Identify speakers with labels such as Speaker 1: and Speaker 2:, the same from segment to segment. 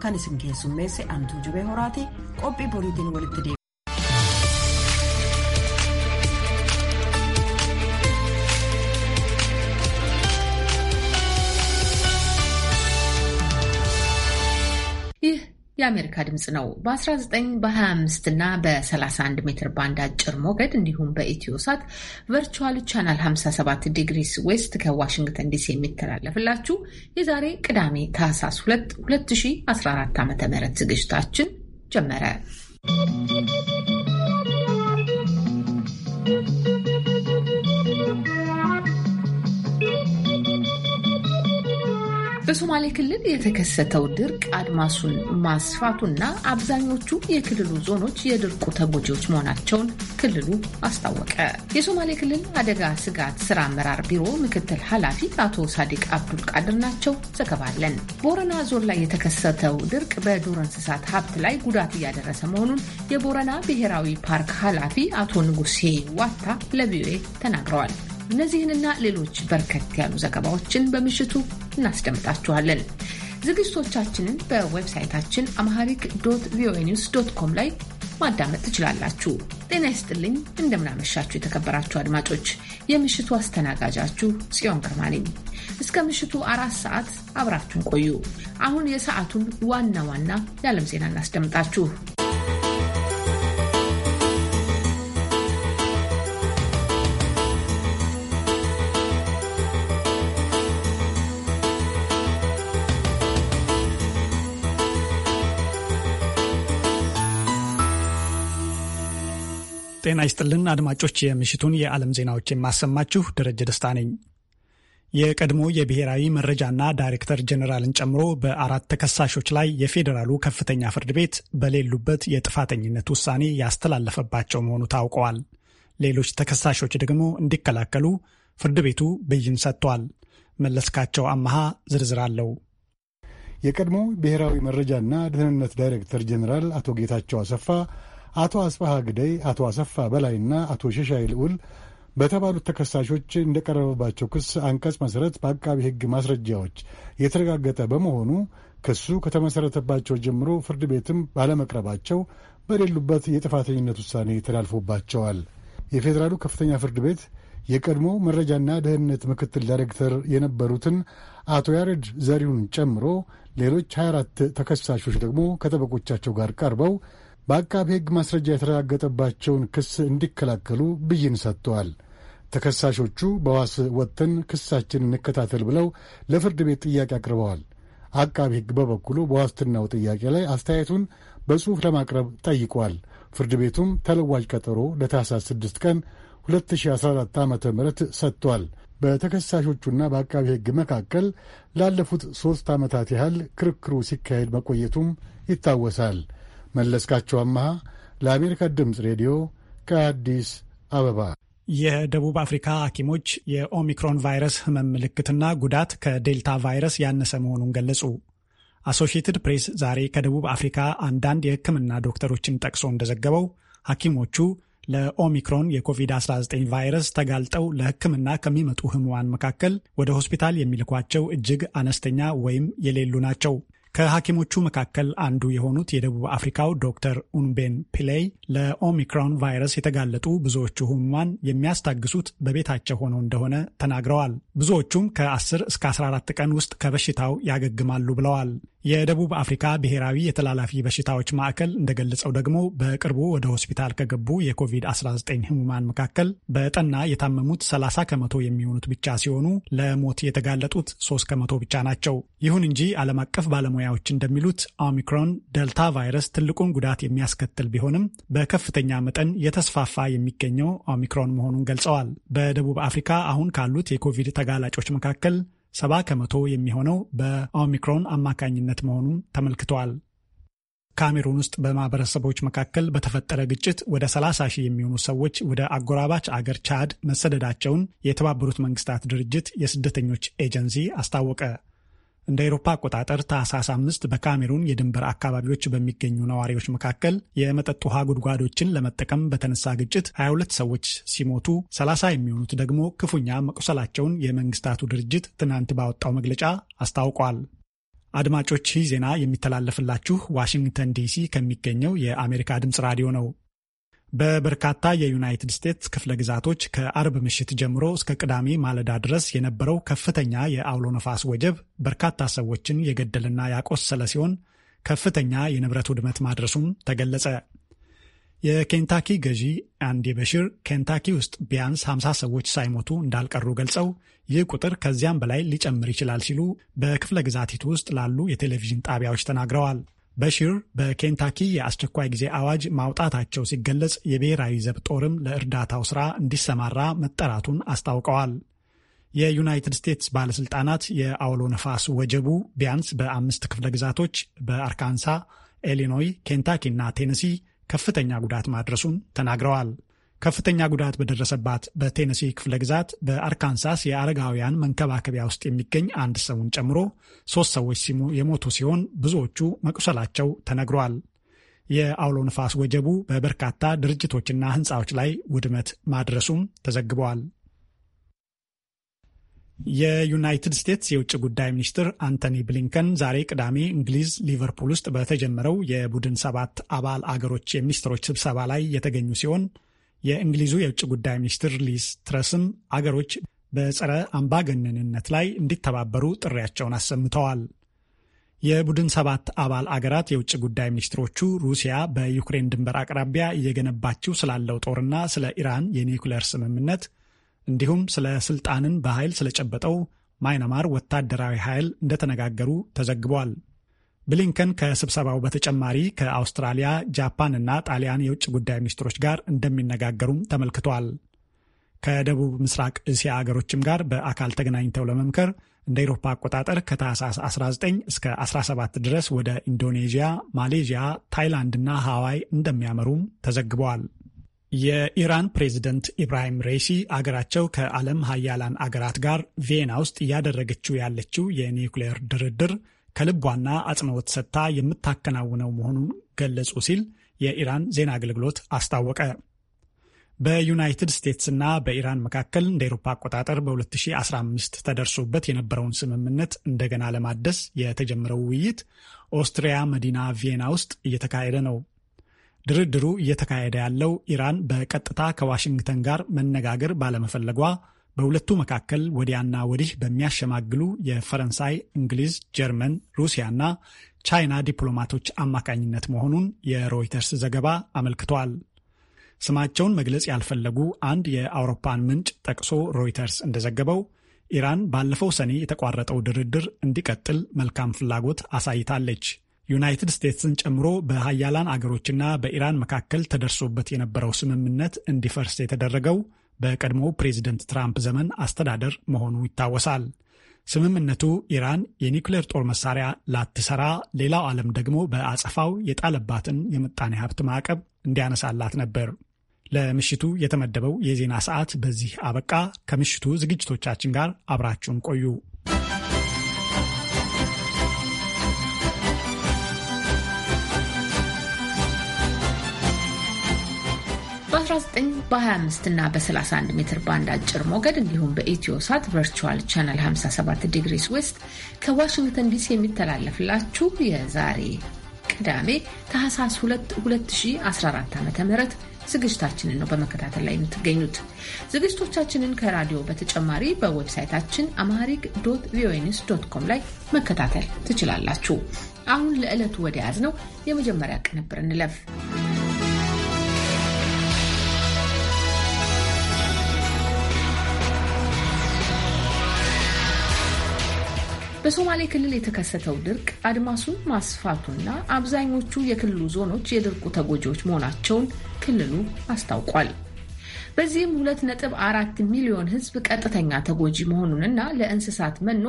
Speaker 1: kan isin keessummeesse Antuu Jubee Horaati qophii boriitiin walitti deebiin.
Speaker 2: የአሜሪካ ድምፅ ነው። በ19 በ25 እና በ31 ሜትር ባንድ አጭር ሞገድ እንዲሁም በኢትዮ ሳት ቨርቹዋል ቻናል 57 ዲግሪስ ዌስት ከዋሽንግተን ዲሲ የሚተላለፍላችሁ የዛሬ ቅዳሜ ታህሳስ 2 2014 ዓ ም ዝግጅታችን ጀመረ። በሶማሌ ክልል የተከሰተው ድርቅ አድማሱን ማስፋቱና አብዛኞቹ የክልሉ ዞኖች የድርቁ ተጎጂዎች መሆናቸውን ክልሉ አስታወቀ። የሶማሌ ክልል አደጋ ስጋት ስራ አመራር ቢሮ ምክትል ኃላፊ አቶ ሳዲቅ አብዱል ቃድር ናቸው። ዘገባለን ቦረና ዞን ላይ የተከሰተው ድርቅ በዱር እንስሳት ሀብት ላይ ጉዳት እያደረሰ መሆኑን የቦረና ብሔራዊ ፓርክ ኃላፊ አቶ ንጉሴ ዋታ ለቪኦኤ ተናግረዋል። እነዚህንና ሌሎች በርከት ያሉ ዘገባዎችን በምሽቱ እናስደምጣችኋለን። ዝግጅቶቻችንን በዌብሳይታችን አምሃሪክ ዶት ቪኦኤ ኒውስ ዶት ኮም ላይ ማዳመጥ ትችላላችሁ። ጤና ይስጥልኝ፣ እንደምናመሻችሁ የተከበራችሁ አድማጮች፣ የምሽቱ አስተናጋጃችሁ ጽዮን ግርማ ነኝ። እስከ ምሽቱ አራት ሰዓት አብራችሁን ቆዩ። አሁን የሰዓቱን ዋና ዋና የዓለም ዜና እናስደምጣችሁ።
Speaker 3: ጤና ይስጥልን አድማጮች፣ የምሽቱን የዓለም ዜናዎች የማሰማችሁ ደረጀ ደስታ ነኝ። የቀድሞ የብሔራዊ መረጃና ዳይሬክተር ጀኔራልን ጨምሮ በአራት ተከሳሾች ላይ የፌዴራሉ ከፍተኛ ፍርድ ቤት በሌሉበት የጥፋተኝነት ውሳኔ ያስተላለፈባቸው መሆኑ ታውቀዋል። ሌሎች ተከሳሾች ደግሞ እንዲከላከሉ ፍርድ ቤቱ ብይን ሰጥቷል። መለስካቸው
Speaker 4: አመሃ ዝርዝር አለው። የቀድሞ ብሔራዊ መረጃና ደህንነት ዳይሬክተር ጀኔራል አቶ ጌታቸው አሰፋ አቶ አስፋሃ ግደይ፣ አቶ አሰፋ በላይና አቶ ሸሻይ ልዑል በተባሉት ተከሳሾች እንደቀረበባቸው ክስ አንቀጽ መሠረት በአቃቢ ሕግ ማስረጃዎች የተረጋገጠ በመሆኑ ክሱ ከተመሠረተባቸው ጀምሮ ፍርድ ቤትም ባለመቅረባቸው በሌሉበት የጥፋተኝነት ውሳኔ ተላልፎባቸዋል። የፌዴራሉ ከፍተኛ ፍርድ ቤት የቀድሞ መረጃና ደህንነት ምክትል ዳይሬክተር የነበሩትን አቶ ያሬድ ዘሪሁን ጨምሮ ሌሎች 24 ተከሳሾች ደግሞ ከጠበቆቻቸው ጋር ቀርበው በአቃቤ ሕግ ማስረጃ የተረጋገጠባቸውን ክስ እንዲከላከሉ ብይን ሰጥተዋል። ተከሳሾቹ በዋስ ወጥተን ክሳችን እንከታተል ብለው ለፍርድ ቤት ጥያቄ አቅርበዋል። አቃቢ ሕግ በበኩሉ በዋስትናው ጥያቄ ላይ አስተያየቱን በጽሑፍ ለማቅረብ ጠይቋል። ፍርድ ቤቱም ተለዋጅ ቀጠሮ ለታህሳስ 6 ቀን 2014 ዓ ም ሰጥቷል። በተከሳሾቹና በአቃቢ ሕግ መካከል ላለፉት ሦስት ዓመታት ያህል ክርክሩ ሲካሄድ መቆየቱም ይታወሳል። መለስካቸው አመሃ ለአሜሪካ ድምፅ ሬዲዮ ከአዲስ አበባ።
Speaker 3: የደቡብ አፍሪካ ሐኪሞች የኦሚክሮን ቫይረስ ህመም ምልክትና ጉዳት ከዴልታ ቫይረስ ያነሰ መሆኑን ገለጹ። አሶሺየትድ ፕሬስ ዛሬ ከደቡብ አፍሪካ አንዳንድ የህክምና ዶክተሮችን ጠቅሶ እንደዘገበው ሐኪሞቹ ለኦሚክሮን የኮቪድ-19 ቫይረስ ተጋልጠው ለህክምና ከሚመጡ ህሙዋን መካከል ወደ ሆስፒታል የሚልኳቸው እጅግ አነስተኛ ወይም የሌሉ ናቸው። ከሐኪሞቹ መካከል አንዱ የሆኑት የደቡብ አፍሪካው ዶክተር ኡንቤን ፒሌይ ለኦሚክሮን ቫይረስ የተጋለጡ ብዙዎቹ ህሙማን የሚያስታግሱት በቤታቸው ሆነው እንደሆነ ተናግረዋል። ብዙዎቹም ከ10 እስከ 14 ቀን ውስጥ ከበሽታው ያገግማሉ ብለዋል። የደቡብ አፍሪካ ብሔራዊ የተላላፊ በሽታዎች ማዕከል እንደገለጸው ደግሞ በቅርቡ ወደ ሆስፒታል ከገቡ የኮቪድ-19 ህሙማን መካከል በጠና የታመሙት 30 ከመቶ የሚሆኑት ብቻ ሲሆኑ ለሞት የተጋለጡት 3 ከመቶ ብቻ ናቸው። ይሁን እንጂ ዓለም አቀፍ ባለሙያ ባለሙያዎች እንደሚሉት ኦሚክሮን ደልታ ቫይረስ ትልቁን ጉዳት የሚያስከትል ቢሆንም በከፍተኛ መጠን የተስፋፋ የሚገኘው ኦሚክሮን መሆኑን ገልጸዋል። በደቡብ አፍሪካ አሁን ካሉት የኮቪድ ተጋላጮች መካከል ሰባ ከመቶ የሚሆነው በኦሚክሮን አማካኝነት መሆኑን ተመልክተዋል። ካሜሩን ውስጥ በማህበረሰቦች መካከል በተፈጠረ ግጭት ወደ 30 ሺህ የሚሆኑ ሰዎች ወደ አጎራባች አገር ቻድ መሰደዳቸውን የተባበሩት መንግስታት ድርጅት የስደተኞች ኤጀንሲ አስታወቀ። እንደ አውሮፓ አቆጣጠር ታህሳስ አምስት በካሜሩን የድንበር አካባቢዎች በሚገኙ ነዋሪዎች መካከል የመጠጥ ውሃ ጉድጓዶችን ለመጠቀም በተነሳ ግጭት 22 ሰዎች ሲሞቱ 30 የሚሆኑት ደግሞ ክፉኛ መቁሰላቸውን የመንግስታቱ ድርጅት ትናንት ባወጣው መግለጫ አስታውቋል። አድማጮች ይህ ዜና የሚተላለፍላችሁ ዋሽንግተን ዲሲ ከሚገኘው የአሜሪካ ድምፅ ራዲዮ ነው። በበርካታ የዩናይትድ ስቴትስ ክፍለ ግዛቶች ከአርብ ምሽት ጀምሮ እስከ ቅዳሜ ማለዳ ድረስ የነበረው ከፍተኛ የአውሎ ነፋስ ወጀብ በርካታ ሰዎችን የገደልና ያቆሰለ ሲሆን ከፍተኛ የንብረት ውድመት ማድረሱም ተገለጸ። የኬንታኪ ገዢ አንዲ በሽር ኬንታኪ ውስጥ ቢያንስ 50 ሰዎች ሳይሞቱ እንዳልቀሩ ገልጸው ይህ ቁጥር ከዚያም በላይ ሊጨምር ይችላል ሲሉ በክፍለ ግዛቲቱ ውስጥ ላሉ የቴሌቪዥን ጣቢያዎች ተናግረዋል። በሺር በኬንታኪ የአስቸኳይ ጊዜ አዋጅ ማውጣታቸው ሲገለጽ የብሔራዊ ዘብ ጦርም ለእርዳታው ሥራ እንዲሰማራ መጠራቱን አስታውቀዋል። የዩናይትድ ስቴትስ ባለሥልጣናት የአውሎ ነፋስ ወጀቡ ቢያንስ በአምስት ክፍለ ግዛቶች በአርካንሳ፣ ኢሊኖይ፣ ኬንታኪ እና ቴነሲ ከፍተኛ ጉዳት ማድረሱን ተናግረዋል። ከፍተኛ ጉዳት በደረሰባት በቴነሲ ክፍለ ግዛት በአርካንሳስ የአረጋውያን መንከባከቢያ ውስጥ የሚገኝ አንድ ሰውን ጨምሮ ሶስት ሰዎች የሞቱ ሲሆን ብዙዎቹ መቁሰላቸው ተነግሯል። የአውሎ ንፋስ ወጀቡ በበርካታ ድርጅቶችና ሕንፃዎች ላይ ውድመት ማድረሱም ተዘግበዋል። የዩናይትድ ስቴትስ የውጭ ጉዳይ ሚኒስትር አንቶኒ ብሊንከን ዛሬ ቅዳሜ እንግሊዝ ሊቨርፑል ውስጥ በተጀመረው የቡድን ሰባት አባል አገሮች የሚኒስትሮች ስብሰባ ላይ የተገኙ ሲሆን የእንግሊዙ የውጭ ጉዳይ ሚኒስትር ሊስ ትረስም አገሮች በጸረ አምባገነንነት ላይ እንዲተባበሩ ጥሪያቸውን አሰምተዋል። የቡድን ሰባት አባል አገራት የውጭ ጉዳይ ሚኒስትሮቹ ሩሲያ በዩክሬን ድንበር አቅራቢያ እየገነባችው ስላለው ጦርና ስለ ኢራን የኒውክሌር ስምምነት እንዲሁም ስለ ስልጣንን በኃይል ስለጨበጠው ማይናማር ወታደራዊ ኃይል እንደተነጋገሩ ተዘግቧል። ብሊንከን ከስብሰባው በተጨማሪ ከአውስትራሊያ፣ ጃፓን እና ጣሊያን የውጭ ጉዳይ ሚኒስትሮች ጋር እንደሚነጋገሩም ተመልክቷል። ከደቡብ ምስራቅ እስያ አገሮችም ጋር በአካል ተገናኝተው ለመምከር እንደ ኤሮፓ አቆጣጠር ከታህሳስ 19 እስከ 17 ድረስ ወደ ኢንዶኔዥያ፣ ማሌዥያ፣ እና ሃዋይ እንደሚያመሩም ተዘግበዋል። የኢራን ፕሬዝደንት ኢብራሂም ሬሲ አገራቸው ከዓለም ሀያላን አገራት ጋር ቪየና ውስጥ እያደረገችው ያለችው የኒውክሌር ድርድር ከልቧና አጽንኦት ሰጥታ የምታከናውነው መሆኑን ገለጹ ሲል የኢራን ዜና አገልግሎት አስታወቀ። በዩናይትድ ስቴትስ እና በኢራን መካከል እንደ ኤሮፓ አቆጣጠር በ2015 ተደርሶበት የነበረውን ስምምነት እንደገና ለማደስ የተጀመረው ውይይት ኦስትሪያ መዲና ቪየና ውስጥ እየተካሄደ ነው። ድርድሩ እየተካሄደ ያለው ኢራን በቀጥታ ከዋሽንግተን ጋር መነጋገር ባለመፈለጓ በሁለቱ መካከል ወዲያና ወዲህ በሚያሸማግሉ የፈረንሳይ፣ እንግሊዝ፣ ጀርመን፣ ሩሲያና ቻይና ዲፕሎማቶች አማካኝነት መሆኑን የሮይተርስ ዘገባ አመልክቷል። ስማቸውን መግለጽ ያልፈለጉ አንድ የአውሮፓን ምንጭ ጠቅሶ ሮይተርስ እንደዘገበው ኢራን ባለፈው ሰኔ የተቋረጠው ድርድር እንዲቀጥል መልካም ፍላጎት አሳይታለች። ዩናይትድ ስቴትስን ጨምሮ በሀያላን አገሮችና በኢራን መካከል ተደርሶበት የነበረው ስምምነት እንዲፈርስ የተደረገው በቀድሞው ፕሬዚደንት ትራምፕ ዘመን አስተዳደር መሆኑ ይታወሳል። ስምምነቱ ኢራን የኒውክሌር ጦር መሳሪያ ላትሰራ፣ ሌላው ዓለም ደግሞ በአጸፋው የጣለባትን የምጣኔ ሀብት ማዕቀብ እንዲያነሳላት ነበር። ለምሽቱ የተመደበው የዜና ሰዓት በዚህ አበቃ። ከምሽቱ ዝግጅቶቻችን ጋር አብራችሁን ቆዩ።
Speaker 2: በ19 በ25 እና በ31 ሜትር ባንድ አጭር ሞገድ እንዲሁም በኢትዮ ሳት ቨርቹዋል ቻናል 57 ዲግሪስ ዌስት ከዋሽንግተን ዲሲ የሚተላለፍላችሁ የዛሬ ቅዳሜ ታህሳስ 2 2014 ዓ.ም ዝግጅታችንን ነው በመከታተል ላይ የምትገኙት። ዝግጅቶቻችንን ከራዲዮ በተጨማሪ በዌብሳይታችን አማሪክ ዶት ቪኦኤ ኒውስ ዶት ኮም ላይ መከታተል ትችላላችሁ። አሁን ለዕለቱ ወደ ያዝ ነው የመጀመሪያ ቅንብር እንለፍ። በሶማሌ ክልል የተከሰተው ድርቅ አድማሱን ማስፋቱና አብዛኞቹ የክልሉ ዞኖች የድርቁ ተጎጂዎች መሆናቸውን ክልሉ አስታውቋል። በዚህም 2.4 ሚሊዮን ሕዝብ ቀጥተኛ ተጎጂ መሆኑንና ለእንስሳት መኖ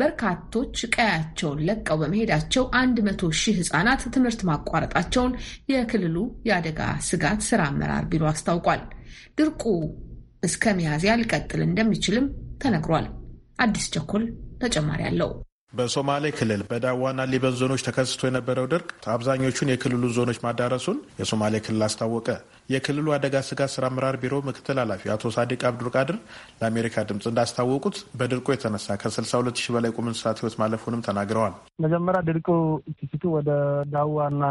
Speaker 2: በርካቶች ቀያቸውን ለቀው በመሄዳቸው 100 ሺህ ሕጻናት ትምህርት ማቋረጣቸውን የክልሉ የአደጋ ስጋት ስራ አመራር ቢሮ አስታውቋል። ድርቁ እስከ ሚያዝያ ሊቀጥል እንደሚችልም ተነግሯል። አዲስ ቸኮል ተጨማሪ አለው።
Speaker 5: በሶማሌ ክልል በዳዋና ሊበን ዞኖች ተከስቶ የነበረው ድርቅ አብዛኞቹን የክልሉ ዞኖች ማዳረሱን የሶማሌ ክልል አስታወቀ። የክልሉ አደጋ ስጋት ስራ አመራር ቢሮ ምክትል ኃላፊ አቶ ሳዲቅ አብዱልቃድር ለአሜሪካ ድምፅ እንዳስታወቁት በድርቁ የተነሳ ከ62 ሺህ በላይ ቁም እንስሳት ህይወት ማለፉንም ተናግረዋል።
Speaker 6: መጀመሪያ ድርቁ ቲቲቱ ወደ ዳዋና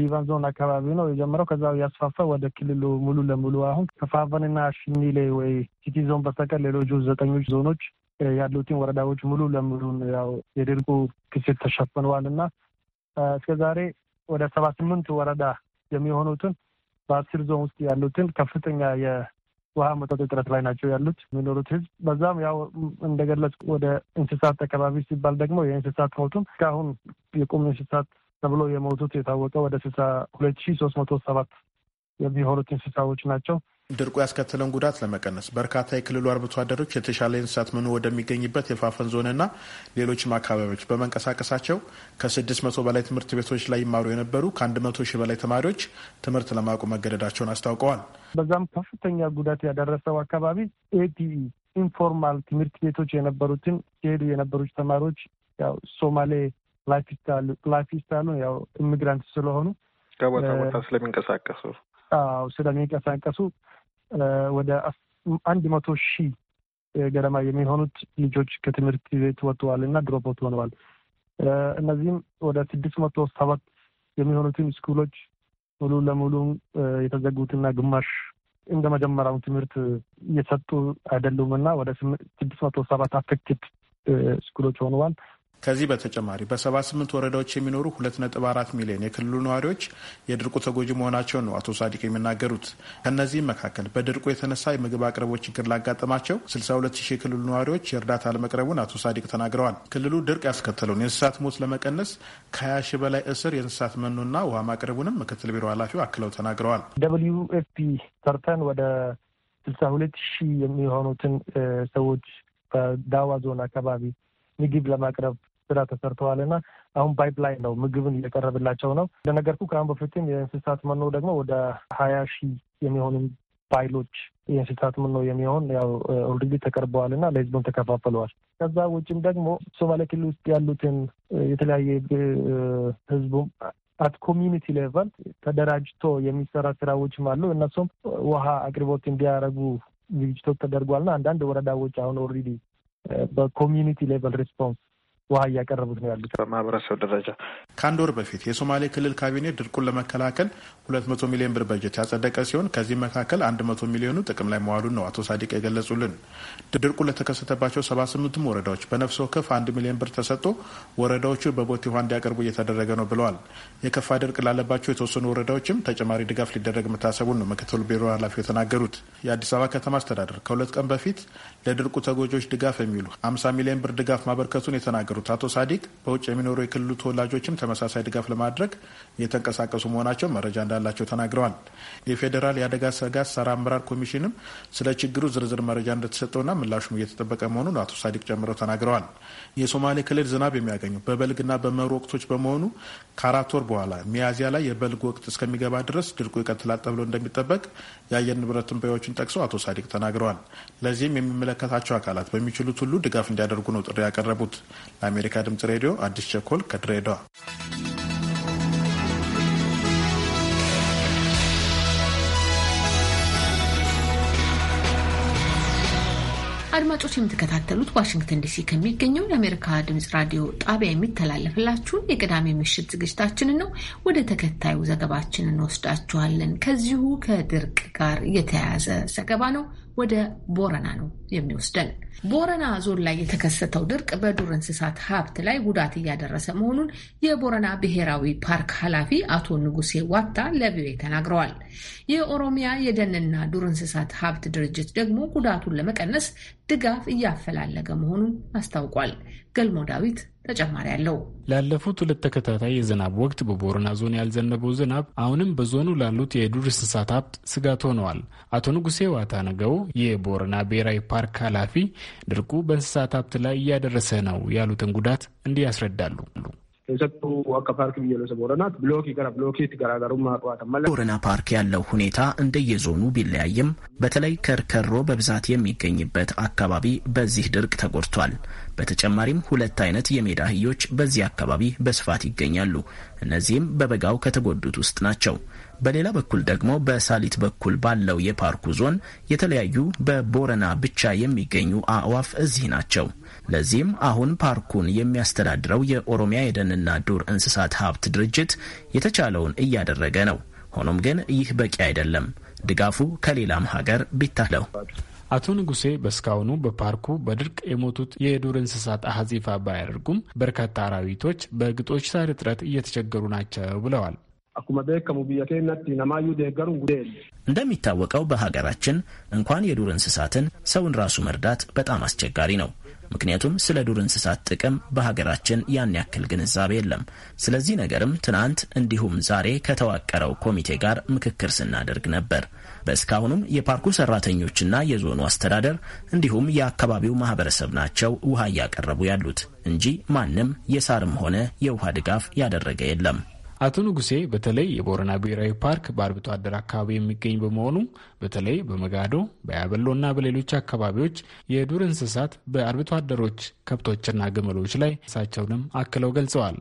Speaker 6: ሊባን ዞን አካባቢ ነው የጀመረው። ከዛ ያስፋፋ ወደ ክልሉ ሙሉ ለሙሉ አሁን ከፋፈንና ሽኒሌ ወይ ሲቲ ዞን በስተቀር ሌሎቹ ዘጠኞች ዞኖች ያሉትን ወረዳዎች ሙሉ ለሙሉ ያው የድርቁ ክስት ተሸፍነዋል እና ዛሬ ወደ ሰባ ስምንት ወረዳ የሚሆኑትን በአስር ዞን ውስጥ ያሉትን ከፍተኛ የውሃ መጠጥ እጥረት ላይ ናቸው ያሉት የሚኖሩት ህዝብ። በዛም ያው እንደገለጽ ወደ እንስሳት አካባቢ ሲባል ደግሞ የእንስሳት ሞቱም እስካሁን የቁም እንስሳት ተብሎ የሞቱት የታወቀ ወደ ስልሳ ሁለት ሺ ሶስት መቶ ሰባት የሚሆኑት እንስሳዎች ናቸው።
Speaker 5: ድርቁ ያስከተለን ጉዳት ለመቀነስ በርካታ የክልሉ አርብቶ አደሮች የተሻለ የእንስሳት መኖ ወደሚገኝበት የፋፈን ዞንና ሌሎችም አካባቢዎች በመንቀሳቀሳቸው ከ600 በላይ ትምህርት ቤቶች ላይ ይማሩ የነበሩ ከ100 ሺህ በላይ ተማሪዎች ትምህርት ለማቆም መገደዳቸውን አስታውቀዋል።
Speaker 6: በዛም ከፍተኛ ጉዳት ያደረሰው አካባቢ ኤፒኢ ኢንፎርማል ትምህርት ቤቶች የነበሩትን ሲሄዱ የነበሩት ተማሪዎች ያው ሶማሌ ላይፍ ያው ኢሚግራንት ስለሆኑ ከቦታ ቦታ
Speaker 5: ስለሚንቀሳቀሱ
Speaker 6: አዎ ስለሚንቀሳቀሱ ወደ አንድ መቶ ሺህ ገደማ የሚሆኑት ልጆች ከትምህርት ቤት ወጥተዋል እና ድሮፖት ሆነዋል። እነዚህም ወደ ስድስት መቶ ሰባት የሚሆኑትን ስኩሎች ሙሉ ለሙሉ የተዘጉትና ግማሽ እንደ መጀመሪያው ትምህርት እየሰጡ አይደሉም እና ወደ ስድስት መቶ ሰባት አፌክትድ ስኩሎች ሆነዋል።
Speaker 5: ከዚህ በተጨማሪ በ78 ወረዳዎች የሚኖሩ 2.4 ሚሊዮን የክልሉ ነዋሪዎች የድርቁ ተጎጂ መሆናቸውን ነው አቶ ሳዲቅ የሚናገሩት። ከእነዚህም መካከል በድርቁ የተነሳ የምግብ አቅርቦት ችግር ላጋጠማቸው 62 የክልሉ ነዋሪዎች የእርዳታ አለመቅረቡን አቶ ሳዲቅ ተናግረዋል። ክልሉ ድርቅ ያስከተለውን የእንስሳት ሞት ለመቀነስ ከ20 ሺህ በላይ እስር የእንስሳት መኖና ውሃ ማቅረቡንም ምክትል ቢሮ ኃላፊው አክለው ተናግረዋል።
Speaker 6: ደብልዩ ኤፍ ፒ ሰርተን ወደ ስልሳ ሁለት ሺህ የሚሆኑትን ሰዎች በዳዋ ዞን አካባቢ ምግብ ለማቅረብ ስራ ተሰርተዋል እና አሁን ፓይፕላይን ነው ምግብን እየቀረብላቸው ነው። እንደነገርኩ ከአሁን በፊትም የእንስሳት መኖ ደግሞ ወደ ሀያ ሺህ የሚሆኑ ፋይሎች የእንስሳት መኖ የሚሆን ያው ኦልሬዲ ተቀርበዋል እና ለህዝቡም ተከፋፍለዋል። ከዛ ውጭም ደግሞ ሶማሌ ክልል ውስጥ ያሉትን የተለያየ ህዝቡም አት ኮሚኒቲ ሌቨል ተደራጅቶ የሚሰራ ስራዎችም አሉ። እነሱም ውሃ አቅርቦት እንዲያደርጉ ዝግጅቶች ተደርጓልና አንዳንድ ወረዳዎች አሁን ኦልሬዲ በኮሚኒቲ ሌቨል ሪስፖንስ ውሃ እያቀረቡት ነው ያሉት።
Speaker 5: በማህበረሰብ ደረጃ ከአንድ ወር በፊት የሶማሌ ክልል ካቢኔ ድርቁን ለመከላከል ሁለት መቶ ሚሊዮን ብር በጀት ያጸደቀ ሲሆን ከዚህ መካከል አንድ መቶ ሚሊዮኑ ጥቅም ላይ መዋሉን ነው አቶ ሳዲቅ የገለጹልን። ድርቁ ለተከሰተባቸው ሰባ ስምንቱም ወረዳዎች በነፍስ ወከፍ አንድ ሚሊዮን ብር ተሰጥቶ ወረዳዎቹ በቦቴ ውሃ እንዲያቀርቡ እየተደረገ ነው ብለዋል። የከፋ ድርቅ ላለባቸው የተወሰኑ ወረዳዎችም ተጨማሪ ድጋፍ ሊደረግ መታሰቡን ነው ምክትል ቢሮ ኃላፊው የተናገሩት። የአዲስ አበባ ከተማ አስተዳደር ከሁለት ቀን በፊት ለድርቁ ተጎጆች ድጋፍ የሚሉ 50 ሚሊዮን ብር ድጋፍ ማበርከቱን የተናገሩት አቶ ሳዲቅ በውጭ የሚኖሩ የክልሉ ተወላጆችም ተመሳሳይ ድጋፍ ለማድረግ የተንቀሳቀሱ መሆናቸው መረጃ እንዳላቸው ተናግረዋል። የፌዴራል የአደጋ ስጋት ሰራ አመራር ኮሚሽንም ስለ ችግሩ ዝርዝር መረጃ እንደተሰጠውና ምላሹም እየተጠበቀ መሆኑን አቶ ሳዲቅ ጨምረው ተናግረዋል። የሶማሌ ክልል ዝናብ የሚያገኙ በበልግና በመሩ ወቅቶች በመሆኑ ከአራት ወር በኋላ ሚያዝያ ላይ የበልግ ወቅት እስከሚገባ ድረስ ድርቁ ይቀጥላል ተብሎ እንደሚጠበቅ የአየር ንብረት ትንበያዎችን ጠቅሰው አቶ ሳዲቅ ተናግረዋል። ለዚህም የሚመለከታቸው አካላት በሚችሉት ሁሉ ድጋፍ እንዲያደርጉ ነው ጥሪ ያቀረቡት። ለአሜሪካ ድምጽ ሬዲዮ አዲስ ቸኮል ከድሬዳዋ
Speaker 2: አድማጮች የምትከታተሉት ዋሽንግተን ዲሲ ከሚገኘው የአሜሪካ ድምጽ ራዲዮ ጣቢያ የሚተላለፍላችሁን የቅዳሜ ምሽት ዝግጅታችንን ነው። ወደ ተከታዩ ዘገባችን እንወስዳችኋለን። ከዚሁ ከድርቅ ጋር የተያያዘ ዘገባ ነው። ወደ ቦረና ነው የሚወስደን። ቦረና ዞን ላይ የተከሰተው ድርቅ በዱር እንስሳት ሀብት ላይ ጉዳት እያደረሰ መሆኑን የቦረና ብሔራዊ ፓርክ ኃላፊ አቶ ንጉሴ ዋታ ለቪኦኤ ተናግረዋል። የኦሮሚያ የደንና ዱር እንስሳት ሀብት ድርጅት ደግሞ ጉዳቱን ለመቀነስ ድጋፍ እያፈላለገ መሆኑን አስታውቋል። ገልሞ ዳዊት ተጨማሪ አለው።
Speaker 7: ላለፉት ሁለት ተከታታይ የዝናብ ወቅት በቦረና ዞን ያልዘነበው ዝናብ አሁንም በዞኑ ላሉት የዱር እንስሳት ሀብት ስጋት ሆነዋል። አቶ ንጉሴ ዋታ ነገው የቦረና ብሔራዊ ፓርክ ኃላፊ ድርቁ በእንስሳት ሀብት ላይ እያደረሰ ነው ያሉትን ጉዳት እንዲህ ያስረዳሉ።
Speaker 5: keessattuu akka paarkii biyyoolessa
Speaker 8: booranaatti bilookii gara bilookiitti garaagarummaa qo'atan malee. ቦረና ፓርክ ያለው ሁኔታ እንደየዞኑ ቢለያይም በተለይ ከርከሮ በብዛት የሚገኝበት አካባቢ በዚህ ድርቅ ተጎድቷል። በተጨማሪም ሁለት አይነት የሜዳ አህዮች በዚህ አካባቢ በስፋት ይገኛሉ። እነዚህም በበጋው ከተጎዱት ውስጥ ናቸው። በሌላ በኩል ደግሞ በሳሊት በኩል ባለው የፓርኩ ዞን የተለያዩ በቦረና ብቻ የሚገኙ አዕዋፍ እዚህ ናቸው። ለዚህም አሁን ፓርኩን የሚያስተዳድረው የኦሮሚያ የደንና ዱር እንስሳት ሀብት ድርጅት የተቻለውን እያደረገ ነው። ሆኖም ግን ይህ በቂ አይደለም። ድጋፉ ከሌላም ሀገር ቢታለው። አቶ
Speaker 7: ንጉሴ በስካሁኑ በፓርኩ በድርቅ የሞቱት የዱር እንስሳት አሃዝ ይፋ ባያደርጉም በርካታ አራዊቶች በግጦሽ ሳር እጥረት እየተቸገሩ ናቸው ብለዋል።
Speaker 8: እንደሚታወቀው በሀገራችን እንኳን የዱር እንስሳትን ሰውን ራሱ መርዳት በጣም አስቸጋሪ ነው። ምክንያቱም ስለ ዱር እንስሳት ጥቅም በሀገራችን ያን ያክል ግንዛቤ የለም። ስለዚህ ነገርም ትናንት እንዲሁም ዛሬ ከተዋቀረው ኮሚቴ ጋር ምክክር ስናደርግ ነበር። በእስካሁኑም የፓርኩ ሰራተኞችና የዞኑ አስተዳደር እንዲሁም የአካባቢው ማህበረሰብ ናቸው ውሃ እያቀረቡ ያሉት እንጂ ማንም የሳርም ሆነ የውሃ ድጋፍ ያደረገ የለም።
Speaker 7: አቶ ንጉሴ በተለይ የቦረና ብሔራዊ ፓርክ በአርብቶ አደር አካባቢ የሚገኝ በመሆኑ በተለይ በመጋዶ በያበሎና በሌሎች አካባቢዎች የዱር እንስሳት በአርብቶ አደሮች ከብቶችና ግመሎች ላይ እሳቸውንም አክለው ገልጸዋል።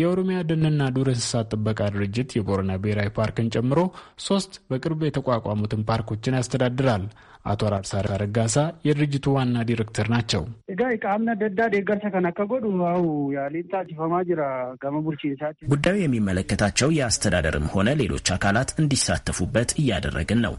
Speaker 7: የኦሮሚያ ደንና ዱር እንስሳት ጥበቃ ድርጅት የቦረና ብሔራዊ ፓርክን ጨምሮ ሶስት በቅርብ የተቋቋሙትን ፓርኮችን ያስተዳድራል። አቶ ራብሳ ረጋሳ የድርጅቱ ዋና ዲሬክተር ናቸው።
Speaker 8: ጉዳዩ የሚመለከታቸው የአስተዳደርም ሆነ ሌሎች አካላት እንዲሳተፉበት እያደረግን ነው።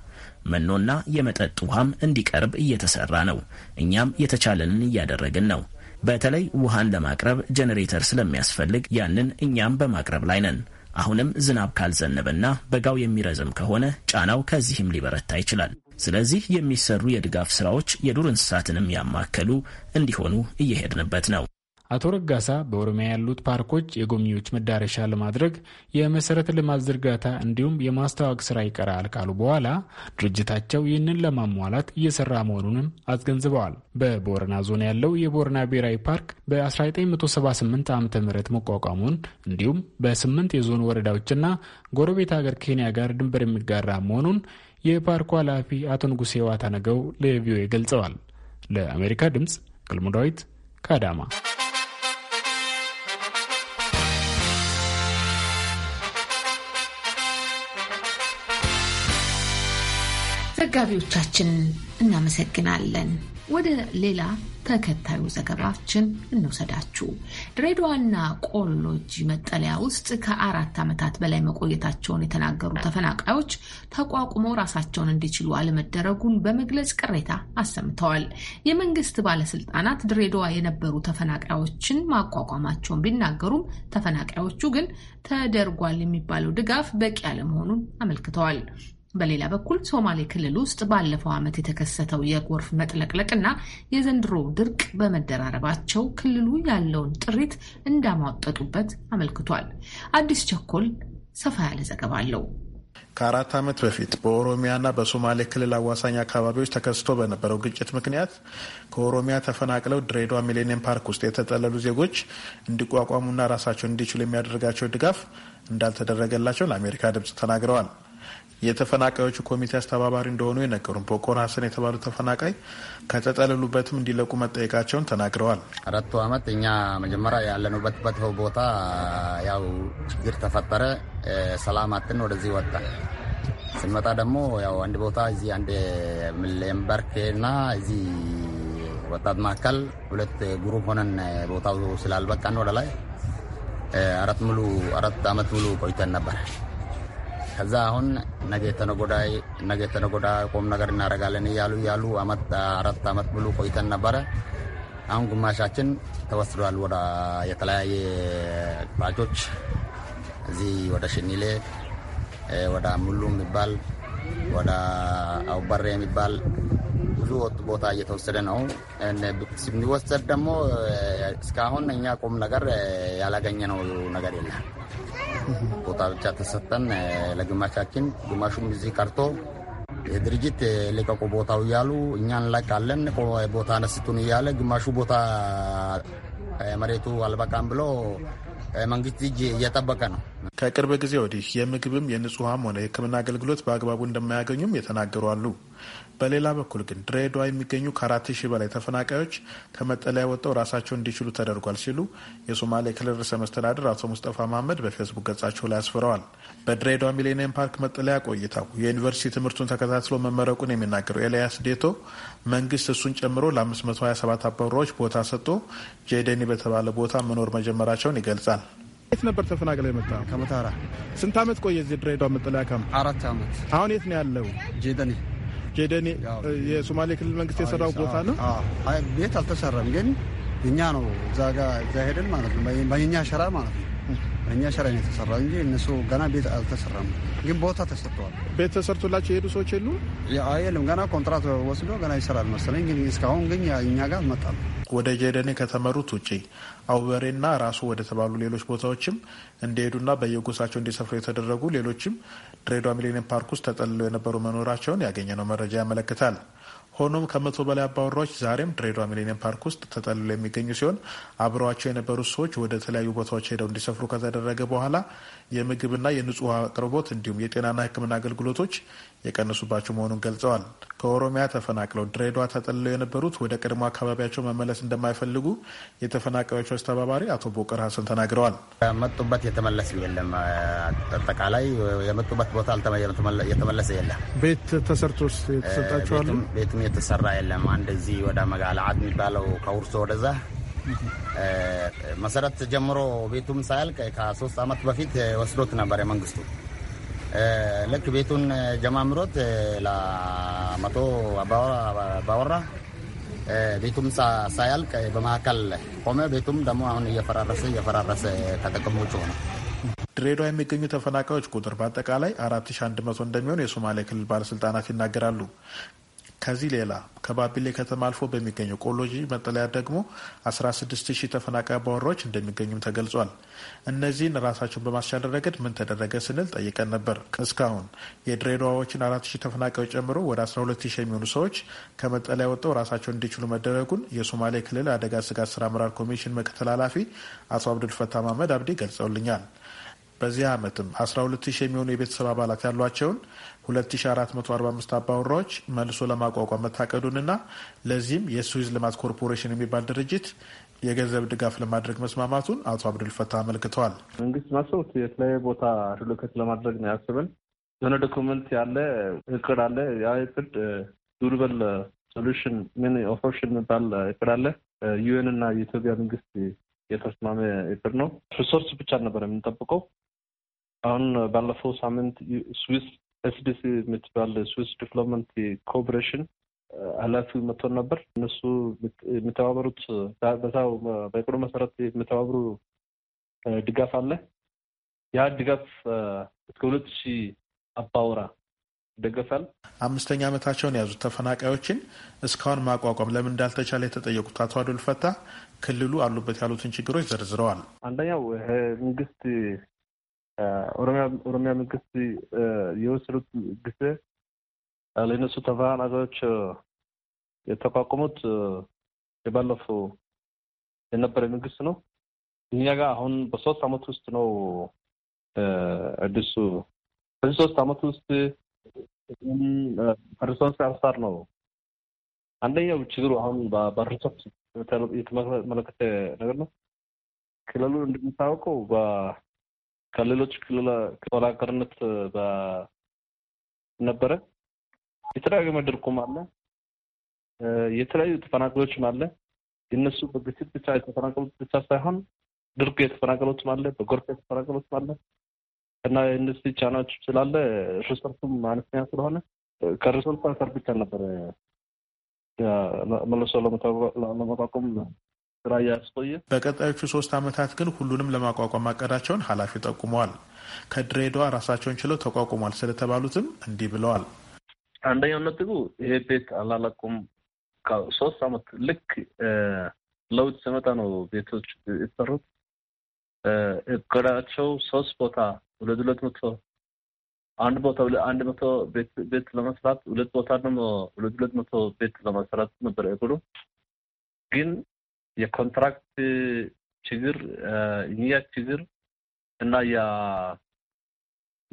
Speaker 8: መኖና የመጠጥ ውሃም እንዲቀርብ እየተሰራ ነው። እኛም የተቻለንን እያደረግን ነው። በተለይ ውሃን ለማቅረብ ጄኔሬተር ስለሚያስፈልግ ያንን እኛም በማቅረብ ላይ ነን። አሁንም ዝናብ ካልዘነበና በጋው የሚረዝም ከሆነ ጫናው ከዚህም ሊበረታ ይችላል። ስለዚህ የሚሰሩ የድጋፍ ስራዎች የዱር እንስሳትንም ያማከሉ እንዲሆኑ እየሄድንበት ነው። አቶ ረጋሳ በኦሮሚያ ያሉት ፓርኮች የጎብኚዎች መዳረሻ ለማድረግ
Speaker 7: የመሰረተ ልማት ዝርጋታ እንዲሁም የማስተዋወቅ ስራ ይቀራል ካሉ በኋላ ድርጅታቸው ይህንን ለማሟላት እየሰራ መሆኑንም አስገንዝበዋል። በቦረና ዞን ያለው የቦረና ብሔራዊ ፓርክ በ1978 ዓ ም መቋቋሙን እንዲሁም በስምንት የዞን ወረዳዎችና ጎረቤት ሀገር ኬንያ ጋር ድንበር የሚጋራ መሆኑን የፓርኩ ኃላፊ አቶ ንጉሴ ዋታ ነገው ለቪኦኤ ገልጸዋል። ለአሜሪካ ድምፅ ገልሞ ዳዊት ከአዳማ
Speaker 2: ዘጋቢዎቻችንን እናመሰግናለን። ወደ ሌላ ተከታዩ ዘገባችን እንውሰዳችሁ። ድሬዳዋና ቆሎጂ መጠለያ ውስጥ ከአራት ዓመታት በላይ መቆየታቸውን የተናገሩ ተፈናቃዮች ተቋቁመው ራሳቸውን እንዲችሉ አለመደረጉን በመግለጽ ቅሬታ አሰምተዋል። የመንግስት ባለስልጣናት ድሬዳዋ የነበሩ ተፈናቃዮችን ማቋቋማቸውን ቢናገሩም ተፈናቃዮቹ ግን ተደርጓል የሚባለው ድጋፍ በቂ አለመሆኑን አመልክተዋል። በሌላ በኩል ሶማሌ ክልል ውስጥ ባለፈው ዓመት የተከሰተው የጎርፍ መጥለቅለቅና የዘንድሮ ድርቅ በመደራረባቸው ክልሉ ያለውን ጥሪት እንዳማወጠጡበት አመልክቷል። አዲስ ቸኮል ሰፋ ያለ ዘገባ አለው።
Speaker 5: ከአራት ዓመት በፊት በኦሮሚያና በሶማሌ ክልል አዋሳኝ አካባቢዎች ተከስቶ በነበረው ግጭት ምክንያት ከኦሮሚያ ተፈናቅለው ድሬዳዋ ሚሌኒየም ፓርክ ውስጥ የተጠለሉ ዜጎች እንዲቋቋሙና ራሳቸውን እንዲችሉ የሚያደርጋቸው ድጋፍ እንዳልተደረገላቸው ለአሜሪካ ድምፅ ተናግረዋል። የተፈናቃዮቹ ኮሚቴ አስተባባሪ እንደሆኑ የነገሩን ፖኮር ሀሰን የተባሉ ተፈናቃይ ከተጠለሉበትም እንዲለቁ መጠየቃቸውን ተናግረዋል።
Speaker 9: አራቱ አመት እኛ መጀመሪያ ያለንበት ቦታ ያው ችግር ተፈጠረ። ሰላማትን ወደዚህ ወጣ ስንመጣ ደግሞ ያው አንድ ቦታ እዚህ አንድ ምሌምበርክ እና እዚህ ወጣት መካከል ሁለት ግሩፕ ሆነን ቦታው ስላልበቃን ወደ ላይ አራት ሙሉ አራት አመት ሙሉ ቆይተን ነበር። ከዛ አሁን ነገ ተነጎዳይ ነገ ተነጎዳ ቆም ነገር እናደርጋለን እያሉ እያሉ አመት አራት አመት ብሎ ቆይተን ነበረ። አሁን ግማሻችን ተወስዷል ወደ የተለያየ አቅጣጫዎች እዚህ ወደ ሽኒሌ፣ ወደ ሙሉ የሚባል ወደ አውበሬ የሚባል ብዙ ወጥ ቦታ እየተወሰደ ነው። የሚወሰድ ደግሞ እስካሁን እኛ ቁም ነገር ያላገኘ ነው ነገር የለም። ቦታ ብቻ ተሰጠን። ለግማሻችን ግማሹም እዚህ ቀርቶ የድርጅት ልቀቁ ቦታው እያሉ እኛ እንላቃለን ቦታ ነስቱን እያለ ግማሹ ቦታ መሬቱ አልበቃም ብሎ መንግስት እጅ እየጠበቀ ነው።
Speaker 5: ከቅርብ ጊዜ ወዲህ የምግብም የንጹሃም ሆነ የሕክምና አገልግሎት በአግባቡ እንደማያገኙም የተናገሩ አሉ። በሌላ በኩል ግን ድሬዳዋ የሚገኙ ከአራት ሺህ በላይ ተፈናቃዮች ከመጠለያ ወጥተው ራሳቸውን እንዲችሉ ተደርጓል ሲሉ የሶማሌ ክልል ርዕሰ መስተዳድር አቶ ሙስጠፋ መሀመድ በፌስቡክ ገጻቸው ላይ አስፍረዋል። በድሬዳዋ ሚሌኒየም ፓርክ መጠለያ ቆይታው የዩኒቨርሲቲ ትምህርቱን ተከታትሎ መመረቁን የሚናገረው ኤልያስ ዴቶ መንግስት እሱን ጨምሮ ለ527 አባወራዎች ቦታ ሰጥቶ ጄደኒ በተባለ ቦታ መኖር መጀመራቸውን ይገልጻል። የት ነበር ተፈናቅለ የመጣ? ከመታራ። ስንት አመት ቆየ እዚህ ድሬዳዋ መጠለያ ካምፕ? አራት አመት። አሁን የት ነው ያለው? ጄደኒ
Speaker 4: ጌደኔ የሶማሌ ክልል መንግስት የሰራው ቦታ ነው። ቤት አልተሰራም፣ ግን እኛ ነው እዛ ሄደን ማለት ነው። በኛ ሸራ ማለት ነው። በእኛ ሸራ ነው የተሰራ እንጂ እነሱ ገና ቤት አልተሰራም፣ ግን ቦታ ተሰጥተዋል። ቤት ተሰርቶላቸው የሄዱ ሰዎች የሉ የለም። ገና ኮንትራት ወስዶ ገና ይሰራል መሰለኝ፣ ግን እስካሁን ግን እኛ ጋር አልመጣም። ወደ ጀደኔ
Speaker 5: ከተመሩት ውጪ አውበሬና ራሱ ወደ ተባሉ ሌሎች ቦታዎችም እንደሄዱና በየጎሳቸው እንዲሰፍሩ የተደረጉ ሌሎችም ድሬዳዋ ሚሊኒየም ፓርክ ውስጥ ተጠልለው የነበሩ መኖራቸውን ያገኘነው መረጃ ያመለክታል። ሆኖም ከመቶ በላይ አባወራዎች ዛሬም ድሬዳዋ ሚሊኒየም ፓርክ ውስጥ ተጠልሎ የሚገኙ ሲሆን አብረዋቸው የነበሩት ሰዎች ወደ ተለያዩ ቦታዎች ሄደው እንዲሰፍሩ ከተደረገ በኋላ የምግብና የንጹህ ውሃ አቅርቦት እንዲሁም የጤናና ሕክምና አገልግሎቶች የቀነሱባቸው መሆኑን ገልጸዋል። ከኦሮሚያ ተፈናቅለው ድሬዳዋ ተጠልለው የነበሩት ወደ ቀድሞ አካባቢያቸው መመለስ እንደማይፈልጉ
Speaker 9: የተፈናቃዮቹ አስተባባሪ አቶ ቦቀር ሀሰን ተናግረዋል። መጡበት የተመለስ የለም። አጠቃላይ የመጡበት ቦታ የተመለሰ የለም።
Speaker 5: ቤት ተሰርቶ የተሰጣቸዋል።
Speaker 9: ቤትም የተሰራ የለም። አንድ ወደ መጋላዓት የሚባለው ከውርሶ ወደዛ መሰረት ጀምሮ ቤቱም ሳያልቅ ከሶስት አመት በፊት ወስዶት ነበር የመንግስቱ። ልክ ቤቱን ጀማምሮት ለመቶ ባወራ ቤቱም ሳያልቅ በመካከል ቆመ። ቤቱም ደግሞ አሁን እየፈራረሰ እየፈራረሰ ከጥቅም ውጭ ሆነ። ድሬዳዋ የሚገኙ
Speaker 5: ተፈናቃዮች ቁጥር በአጠቃላይ 4100 እንደሚሆን የሶማሌ ክልል ባለስልጣናት ይናገራሉ። ከዚህ ሌላ ከባቢሌ ከተማ አልፎ በሚገኘው ቆሎጂ መጠለያ ደግሞ 16 ሺህ ተፈናቃይ አባወራዎች እንደሚገኙም ተገልጿል። እነዚህን ራሳቸውን በማስቻል ረገድ ምን ተደረገ ስንል ጠይቀን ነበር። እስካሁን የድሬዳዋዎችን 4 ሺህ ተፈናቃዮች ጨምሮ ወደ 12 ሺህ የሚሆኑ ሰዎች ከመጠለያ ወጥተው ራሳቸውን እንዲችሉ መደረጉን የሶማሌ ክልል አደጋ ስጋት ስራ አመራር ኮሚሽን ምክትል ኃላፊ አቶ አብዱልፈታ ማመድ አብዲ ገልጸውልኛል። በዚህ ዓመትም 12 ሺህ የሚሆኑ የቤተሰብ አባላት ያሏቸውን 2445 አባወራዎች መልሶ ለማቋቋም መታቀዱንና ለዚህም የስዊዝ ልማት ኮርፖሬሽን የሚባል ድርጅት የገንዘብ ድጋፍ ለማድረግ መስማማቱን አቶ አብዱልፈታ አመልክተዋል።
Speaker 10: መንግስት ማሰቡት የተለያየ ቦታ ሪሎኬት ለማድረግ ነው ያስብን የሆነ ዶኩመንት ያለ እቅድ አለ። ያ እቅድ ዱርበል ሶሉሽን ምን ኦፕሽን የሚባል እቅድ አለ። ዩኤን እና የኢትዮጵያ መንግስት የተስማመ እቅድ ነው። ሪሶርስ ብቻ ነበር የምንጠብቀው። አሁን ባለፈው ሳምንት ስዊስ ኤስዲሲ የምትባል ስዊስ ዲቨሎፕመንት ኮኦፕሬሽን ኃላፊ መጥቶ ነበር። እነሱ የሚተባበሩት በዛው በእቅዱ መሰረት የሚተባብሩ ድጋፍ አለ። ያ ድጋፍ እስከ ሁለት ሺ አባወራ ይደገፋል።
Speaker 5: አምስተኛ ዓመታቸውን የያዙት ተፈናቃዮችን እስካሁን ማቋቋም ለምን እንዳልተቻለ የተጠየቁት አቶ አዶል ፈታ ክልሉ አሉበት ያሉትን ችግሮች ዘርዝረዋል።
Speaker 10: አንደኛው መንግስት ኦሮሚያ መንግስት የወሰዱት ጊዜ ለእነሱ ተፈናቃዮች የተቋቋሙት የባለፈው የነበረ መንግስት ነው። እኛ ጋር አሁን በሶስት አመት ውስጥ ነው አዲሱ በዚህ ሶስት አመት ውስጥ ሪሶርስ አንሳር ነው አንደኛው ችግሩ አሁን በሪሶርስ የተመለከተ ነገር ነው። ክልሉ እንደሚታወቀው ከሌሎች ክፍለ አጋርነት ነበረ። የተደጋገመ መድርኩም አለ፣ የተለያዩ ተፈናቃዮችም አለ። የነሱ በግጭት ብቻ የተፈናቀሉት ብቻ ሳይሆን ድርቅ የተፈናቀሉትም አለ፣ በጎርፍ የተፈናቀሉትም አለ እና የእነዚህ ጫናዎች ስላለ ሪሶርቱም አነስተኛ ስለሆነ ከሪሶርቱ አንፃር ብቻ ነበረ መልሶ ለመቋቋም ስራ
Speaker 5: እያስቆየ በቀጣዮቹ ሶስት ዓመታት ግን ሁሉንም ለማቋቋም አቀዳቸውን ኃላፊ ጠቁመዋል። ከድሬዳዋ ራሳቸውን ችለው ተቋቁሟል ስለተባሉትም እንዲህ ብለዋል።
Speaker 10: አንደኛው ነጥቡ ይሄ ቤት አላለቁም። ሶስት ዓመት ልክ ለውጥ ሲመጣ ነው ቤቶች የተሰሩት። እቅዳቸው ሶስት ቦታ ሁለት ሁለት መቶ አንድ ቦታ አንድ መቶ ቤት ለመስራት ሁለት ቦታ ደግሞ ሁለት ሁለት መቶ ቤት ለመስራት ነበር እቅዱ ግን የኮንትራክት ችግር እኛ ችግር እና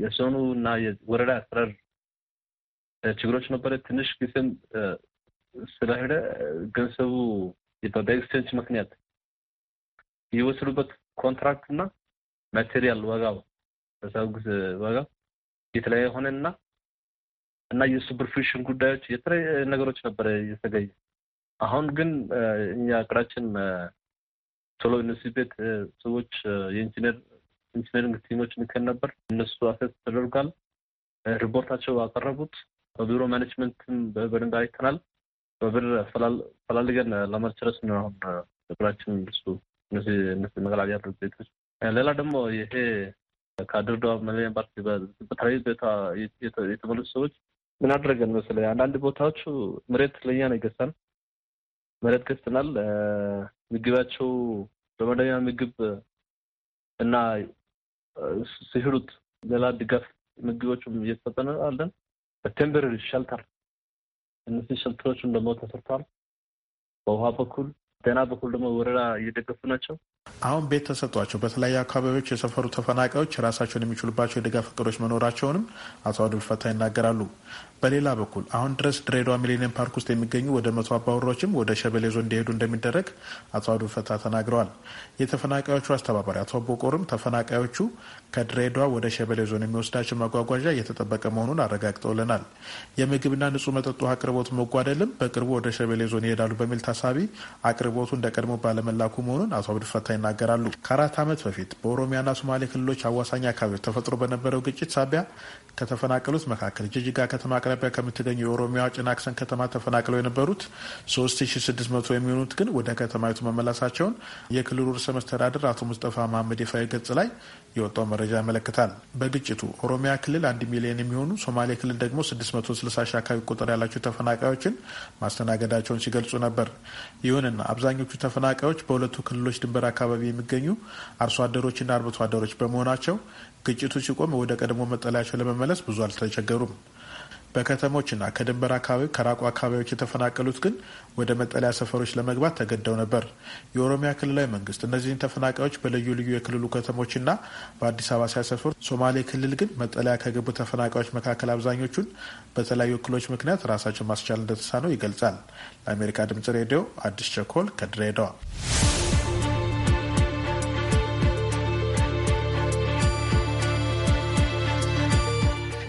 Speaker 10: የዞኑ እና የወረዳ አስተዳደር ችግሮች ነበረ። ትንሽ ጊዜም ስለሄደ ገንዘቡ በኤክስቼንጅ ምክንያት የወሰዱበት ኮንትራክት እና ማቴሪያል ዋጋው በዛው ጊዜ ዋጋ የተለያየ ሆነና እና የሱፐርፊሽን ጉዳዮች የተለያየ ነገሮች ነበረ የተገኘ አሁን ግን እኛ አቅራችን ቶሎ ዩኒቨርሲቲ ቤት ሰዎች የኢንጂነር ኢንጂነሪንግ ቲሞች ንከን ነበር። እነሱ አሰስ ተደርጓል። ሪፖርታቸው አቀረቡት። በቢሮ ማኔጅመንትም በደንብ አይተናል። በብር ፈላልገን ለመጨረስ ነው አሁን እቅዳችን እሱ እነዚህ መቀላል ያሉ ቤቶች። ሌላ ደግሞ ይሄ ከድሬዳዋ መለያ ፓርቲ በተለያዩ ቦታ የተመለሱ ሰዎች ምን አደረገን መሰለህ፣ አንዳንድ ቦታዎቹ መሬት ለእኛ ነው ይገሳል መሬት ገዝተናል። ምግባቸው በመደበኛ ምግብ እና ሲህሉት ሌላ ድጋፍ ምግቦችም እየተሰጠን አለን። በቴምበር ሸልተር እነዚህ ሸልተሮችም ደግሞ ተሰርተዋል። በውሃ በኩል ጤና በኩል ደግሞ ወረዳ እየደገፉ ናቸው።
Speaker 5: አሁን ቤት ተሰጧቸው በተለያዩ አካባቢዎች የሰፈሩ ተፈናቃዮች ራሳቸውን የሚችሉባቸው የድጋፍ እቅዶች መኖራቸውንም አቶ አብዱልፈታ ይናገራሉ። በሌላ በኩል አሁን ድረስ ድሬዳዋ ሚሊኒየም ፓርክ ውስጥ የሚገኙ ወደ መቶ አባወራዎችም ወደ ሸበሌ ዞን እንዲሄዱ እንደሚደረግ አቶ አብዱልፈታ ተናግረዋል። የተፈናቃዮቹ አስተባባሪ አቶ ቦቆርም ተፈናቃዮቹ ከድሬዳዋ ወደ ሸበሌ ዞን የሚወስዳቸው መጓጓዣ እየተጠበቀ መሆኑን አረጋግጠውልናል። የምግብና ንጹህ መጠጥ ውሃ አቅርቦት መጓደልም በቅርቡ ወደ ሸበሌ ዞን ይሄዳሉ በሚል ታሳቢ አቅርቦቱ እንደቀድሞ ባለመላኩ መሆኑን አቶ አብዱልፈታ ይናገራሉ። ከአራት ዓመት በፊት በኦሮሚያና ሶማሌ ክልሎች አዋሳኝ አካባቢዎች ተፈጥሮ በነበረው ግጭት ሳቢያ ከተፈናቀሉት መካከል ጅጅጋ ከተማ አቅራቢያ ከምትገኘው የኦሮሚያ ጭናክሰን ከተማ ተፈናቅለው የነበሩት 3600 የሚሆኑት ግን ወደ ከተማይቱ መመላሳቸውን የክልሉ ርዕሰ መስተዳድር አቶ ሙስጠፋ መሀመድ የፋይ ገጽ ላይ የወጣው መረጃ ያመለክታል። በግጭቱ ኦሮሚያ ክልል አንድ ሚሊዮን የሚሆኑ ሶማሌ ክልል ደግሞ 660 ሺ አካባቢ ቁጥር ያላቸው ተፈናቃዮችን ማስተናገዳቸውን ሲገልጹ ነበር። ይሁንና አብዛኞቹ ተፈናቃዮች በሁለቱ ክልሎች ድንበር አካባቢ አካባቢ የሚገኙ አርሶ አደሮችና አርብቶ አደሮች በመሆናቸው ግጭቱ ሲቆም ወደ ቀድሞ መጠለያቸው ለመመለስ ብዙ አልተቸገሩም። በከተሞችና ከድንበር አካባቢ ከራቁ አካባቢዎች የተፈናቀሉት ግን ወደ መጠለያ ሰፈሮች ለመግባት ተገደው ነበር። የኦሮሚያ ክልላዊ መንግስት እነዚህን ተፈናቃዮች በልዩ ልዩ የክልሉ ከተሞችና በአዲስ አበባ ሲያሰፍር፣ ሶማሌ ክልል ግን መጠለያ ከገቡ ተፈናቃዮች መካከል አብዛኞቹን በተለያዩ እክሎች ምክንያት ራሳቸው ማስቻል እንደተሳነው ይገልጻል። ለአሜሪካ ድምጽ ሬዲዮ አዲስ ቸኮል ከድሬዳዋ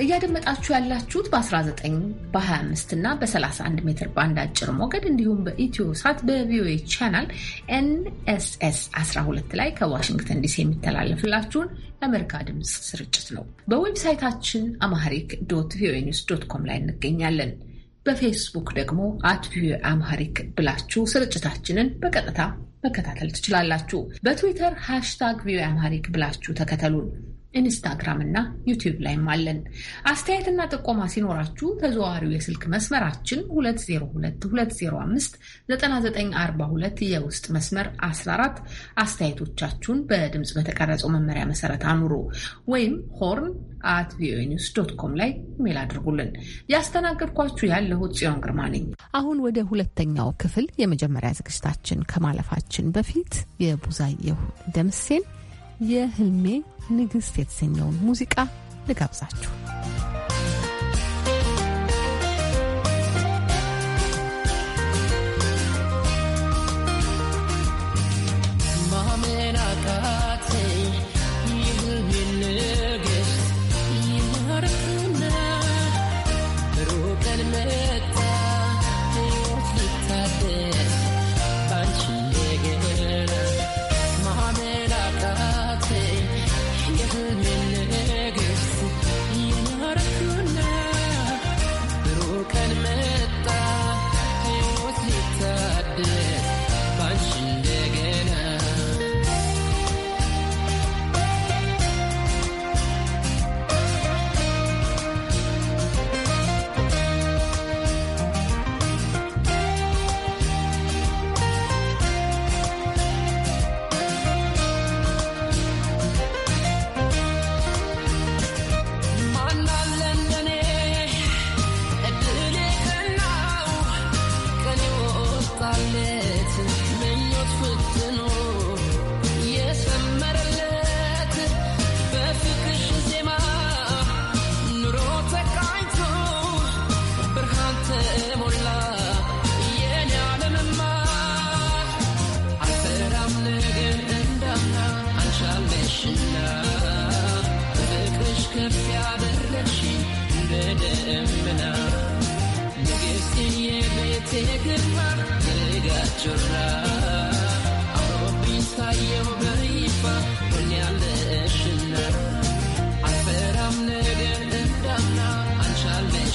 Speaker 2: እያደመጣችሁ ያላችሁት በ19 በ25 እና በ31 ሜትር ባንድ አጭር ሞገድ እንዲሁም በኢትዮ ሳት በቪኦኤ ቻናል ኤንኤስኤስ 12 ላይ ከዋሽንግተን ዲሲ የሚተላለፍላችሁን የአሜሪካ ድምፅ ስርጭት ነው። በዌብሳይታችን አማሪክ ዶት ቪኦኤ ኒውስ ዶት ኮም ላይ እንገኛለን። በፌስቡክ ደግሞ አት ቪኦኤ አማሪክ ብላችሁ ስርጭታችንን በቀጥታ መከታተል ትችላላችሁ። በትዊተር ሃሽታግ ቪኦኤ አማሪክ ብላችሁ ተከተሉን። ኢንስታግራም እና ዩቲዩብ ላይም አለን። አስተያየትና ጥቆማ ሲኖራችሁ ተዘዋዋሪው የስልክ መስመራችን 2022059942 የውስጥ መስመር 14 አስተያየቶቻችሁን በድምፅ በተቀረጸው መመሪያ መሰረት አኑሩ ወይም ሆርን አት ቪኦኤ ኒውስ ዶት ኮም ላይ ኢሜል አድርጉልን። ያስተናገድኳችሁ ያለሁት ጽዮን ግርማ ነኝ። አሁን ወደ ሁለተኛው ክፍል የመጀመሪያ ዝግጅታችን ከማለፋችን በፊት የቡዛየሁ ደምሴን የህልሜ ንግስት የተሰኘውን ሙዚቃ ልጋብዛችሁ።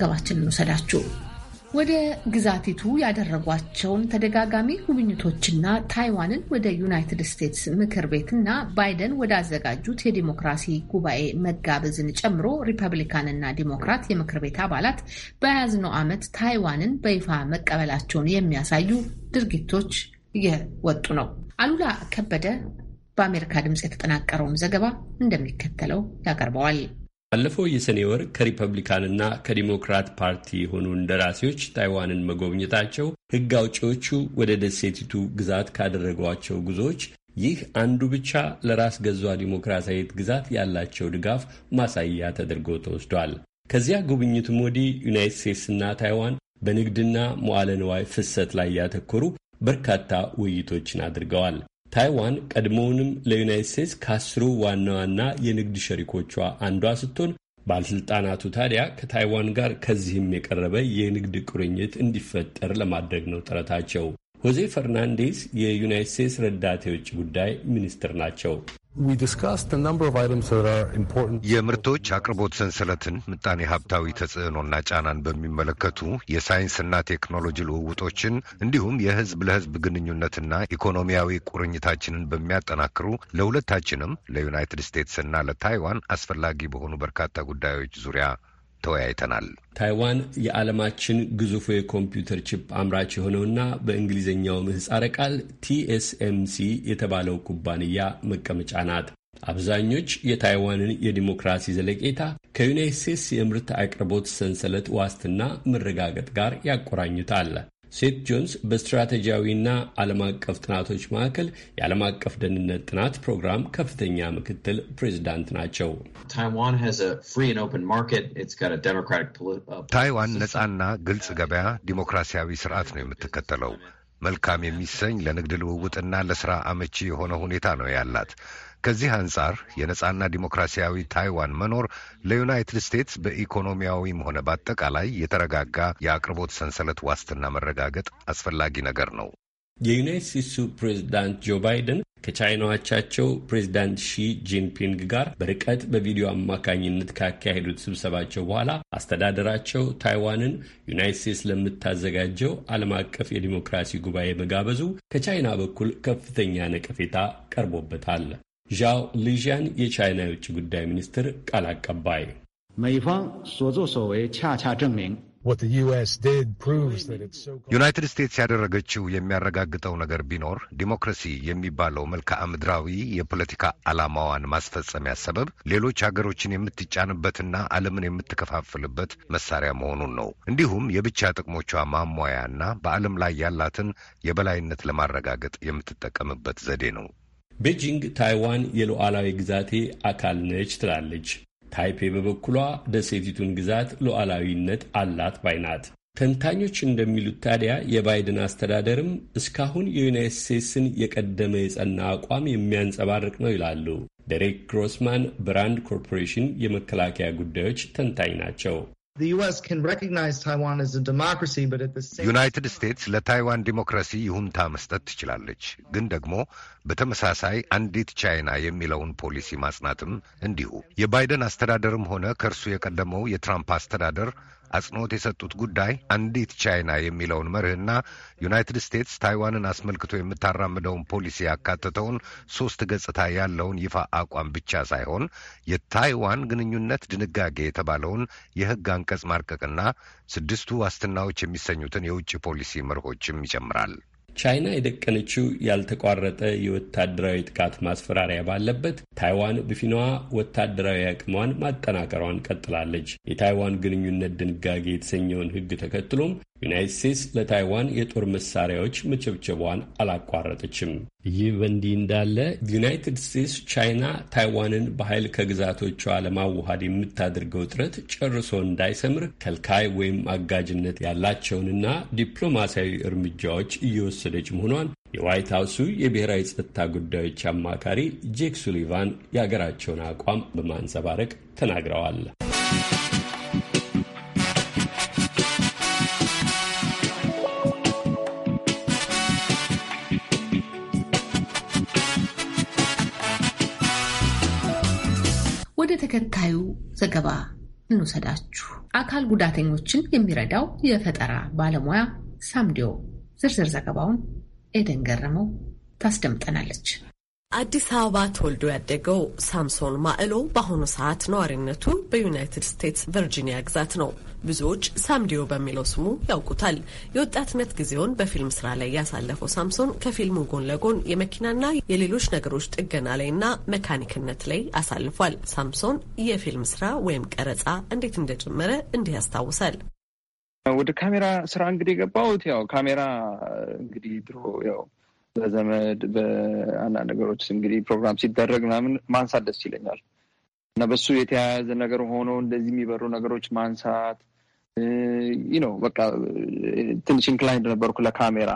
Speaker 2: ዘገባችንን እንውሰዳችሁ። ወደ ግዛቲቱ ያደረጓቸውን ተደጋጋሚ ጉብኝቶችና ታይዋንን ወደ ዩናይትድ ስቴትስ ምክር ቤትና ባይደን ወዳዘጋጁት የዲሞክራሲ ጉባኤ መጋበዝን ጨምሮ ሪፐብሊካንና ዲሞክራት የምክር ቤት አባላት በያዝነው ዓመት ታይዋንን በይፋ መቀበላቸውን የሚያሳዩ ድርጊቶች እየወጡ ነው። አሉላ ከበደ በአሜሪካ ድምፅ የተጠናቀረውን ዘገባ እንደሚከተለው ያቀርበዋል።
Speaker 11: ባለፈው የሰኔ ወር ከሪፐብሊካንና ከዲሞክራት ፓርቲ የሆኑ እንደራሴዎች ታይዋንን መጎብኘታቸው ሕግ አውጪዎቹ ወደ ደሴቲቱ ግዛት ካደረጓቸው ጉዞዎች ይህ አንዱ ብቻ ለራስ ገዟ ዲሞክራሲያዊት ግዛት ያላቸው ድጋፍ ማሳያ ተደርጎ ተወስዷል። ከዚያ ጉብኝትም ወዲህ ዩናይትድ ስቴትስና ታይዋን በንግድና መዋለ ንዋይ ፍሰት ላይ ያተኮሩ በርካታ ውይይቶችን አድርገዋል። ታይዋን ቀድሞውንም ለዩናይት ስቴትስ ከአስሩ ዋና ዋና የንግድ ሸሪኮቿ አንዷ ስትሆን ባለሥልጣናቱ ታዲያ ከታይዋን ጋር ከዚህም የቀረበ የንግድ ቁርኝት እንዲፈጠር ለማድረግ ነው ጥረታቸው። ሆዜ ፈርናንዴስ የዩናይት ስቴትስ ረዳት የውጭ ጉዳይ ሚኒስትር ናቸው።
Speaker 12: የምርቶች አቅርቦት ሰንሰለትን ምጣኔ ሀብታዊ ተጽዕኖና ጫናን በሚመለከቱ የሳይንስና ቴክኖሎጂ ልውውጦችን እንዲሁም የህዝብ ለህዝብ ግንኙነትና ኢኮኖሚያዊ ቁርኝታችንን በሚያጠናክሩ ለሁለታችንም ለዩናይትድ ስቴትስና ለታይዋን አስፈላጊ በሆኑ በርካታ ጉዳዮች ዙሪያ ተወያይተናል።
Speaker 11: ታይዋን የዓለማችን ግዙፉ የኮምፒውተር ቺፕ አምራች የሆነውና በእንግሊዝኛው ምህፃረ ቃል ቲኤስኤምሲ የተባለው ኩባንያ መቀመጫ ናት። አብዛኞች የታይዋንን የዲሞክራሲ ዘለቄታ ከዩናይት ስቴትስ የምርት አቅርቦት ሰንሰለት ዋስትና መረጋገጥ ጋር ያቆራኙታል። ሴት ጆንስ በስትራቴጂያዊና ዓለም አቀፍ ጥናቶች ማዕከል የዓለም አቀፍ ደህንነት ጥናት ፕሮግራም ከፍተኛ ምክትል ፕሬዚዳንት ናቸው።
Speaker 12: ታይዋን uh, ነፃና ግልጽ ገበያ ዲሞክራሲያዊ ስርዓት ነው የምትከተለው። መልካም የሚሰኝ ለንግድ ልውውጥና ለስራ አመቺ የሆነ ሁኔታ ነው ያላት። ከዚህ አንጻር የነጻና ዲሞክራሲያዊ ታይዋን መኖር ለዩናይትድ ስቴትስ በኢኮኖሚያዊም ሆነ በአጠቃላይ የተረጋጋ የአቅርቦት ሰንሰለት ዋስትና መረጋገጥ አስፈላጊ ነገር ነው።
Speaker 11: የዩናይት ስቴትሱ ፕሬዚዳንት ጆ ባይደን ከቻይናዎቻቸው ፕሬዚዳንት ሺ ጂንፒንግ ጋር በርቀት በቪዲዮ አማካኝነት ካካሄዱት ስብሰባቸው በኋላ አስተዳደራቸው ታይዋንን ዩናይት ስቴትስ ለምታዘጋጀው ዓለም አቀፍ የዲሞክራሲ ጉባኤ መጋበዙ ከቻይና በኩል ከፍተኛ ነቀፌታ ቀርቦበታል። ዣው ሊዣን የቻይና የውጭ ጉዳይ ሚኒስትር ቃል አቀባይ
Speaker 12: ዩናይትድ ስቴትስ ያደረገችው የሚያረጋግጠው ነገር ቢኖር ዲሞክራሲ የሚባለው መልክዓ ምድራዊ የፖለቲካ ዓላማዋን ማስፈጸሚያ ሰበብ ሌሎች ሀገሮችን የምትጫንበትና ዓለምን የምትከፋፍልበት መሳሪያ መሆኑን ነው። እንዲሁም የብቻ ጥቅሞቿ ማሟያና በዓለም ላይ ያላትን የበላይነት ለማረጋገጥ የምትጠቀምበት ዘዴ ነው።
Speaker 11: ቤጂንግ ታይዋን የሉዓላዊ ግዛቴ አካል ነች ትላለች። ታይፔ በበኩሏ ደሴቲቱን ግዛት ሉዓላዊነት አላት ባይ ናት። ተንታኞች እንደሚሉት ታዲያ የባይደን አስተዳደርም እስካሁን የዩናይት ስቴትስን የቀደመ የጸና አቋም የሚያንጸባርቅ ነው ይላሉ። ዴሬክ ግሮስማን ብራንድ ኮርፖሬሽን የመከላከያ
Speaker 12: ጉዳዮች ተንታኝ ናቸው። the U.S. can recognize Taiwan as a democracy, but at the same United time... States, let Taiwan democracy, yuhun tamas tat chilalich. Gundagmo, በተመሳሳይ አንዲት ቻይና የሚለውን ፖሊሲ ማጽናትም እንዲሁ የባይደን አስተዳደርም ሆነ ከእርሱ የቀደመው የትራምፕ አስተዳደር አጽንኦት የሰጡት ጉዳይ አንዲት ቻይና የሚለውን መርህና ዩናይትድ ስቴትስ ታይዋንን አስመልክቶ የምታራምደውን ፖሊሲ ያካተተውን ሶስት ገጽታ ያለውን ይፋ አቋም ብቻ ሳይሆን የታይዋን ግንኙነት ድንጋጌ የተባለውን የሕግ አንቀጽ ማርቀቅና ስድስቱ ዋስትናዎች የሚሰኙትን የውጭ ፖሊሲ መርሆችም ይጨምራል። ቻይና የደቀነችው ያልተቋረጠ የወታደራዊ
Speaker 11: ጥቃት ማስፈራሪያ ባለበት ታይዋን በፊናዋ ወታደራዊ አቅሟን ማጠናከሯን ቀጥላለች። የታይዋን ግንኙነት ድንጋጌ የተሰኘውን ሕግ ተከትሎም ዩናይት ስቴትስ ለታይዋን የጦር መሳሪያዎች መቸብቸቧን አላቋረጠችም። ይህ በእንዲህ እንዳለ ዩናይትድ ስቴትስ ቻይና ታይዋንን በኃይል ከግዛቶቿ ለማዋሃድ የምታደርገው ጥረት ጨርሶ እንዳይሰምር ከልካይ ወይም አጋጅነት ያላቸውንና ዲፕሎማሲያዊ እርምጃዎች እየወሰደች መሆኗን የዋይት ሀውሱ የብሔራዊ ጸጥታ ጉዳዮች አማካሪ ጄክ ሱሊቫን የሀገራቸውን አቋም በማንጸባረቅ ተናግረዋል።
Speaker 2: ተከታዩ ዘገባ እንውሰዳችሁ። አካል ጉዳተኞችን የሚረዳው የፈጠራ ባለሙያ ሳምዲዮ ዝርዝር ዘገባውን ኤደን ገረመው
Speaker 1: ታስደምጠናለች። አዲስ አበባ ተወልዶ ያደገው ሳምሶን ማዕሎ በአሁኑ ሰዓት ነዋሪነቱ በዩናይትድ ስቴትስ ቨርጂኒያ ግዛት ነው። ብዙዎች ሳምዲዮ በሚለው ስሙ ያውቁታል። የወጣትነት ጊዜውን በፊልም ስራ ላይ ያሳለፈው ሳምሶን ከፊልሙ ጎን ለጎን የመኪናና የሌሎች ነገሮች ጥገና ላይና መካኒክነት ላይ አሳልፏል። ሳምሶን የፊልም ስራ ወይም ቀረጻ እንዴት እንደጀመረ እንዲህ ያስታውሳል።
Speaker 13: ወደ ካሜራ ስራ እንግዲህ የገባሁት ያው ካሜራ እንግዲህ ድሮ ያው በዘመድ በአንዳንድ ነገሮች እንግዲህ ፕሮግራም ሲደረግ ምናምን ማንሳት ደስ ይለኛል እና በሱ የተያያዘ ነገር ሆኖ እንደዚህ የሚበሩ ነገሮች ማንሳት ነው። በቃ ትንሽ ኢንክላይንድ ነበርኩ ለካሜራ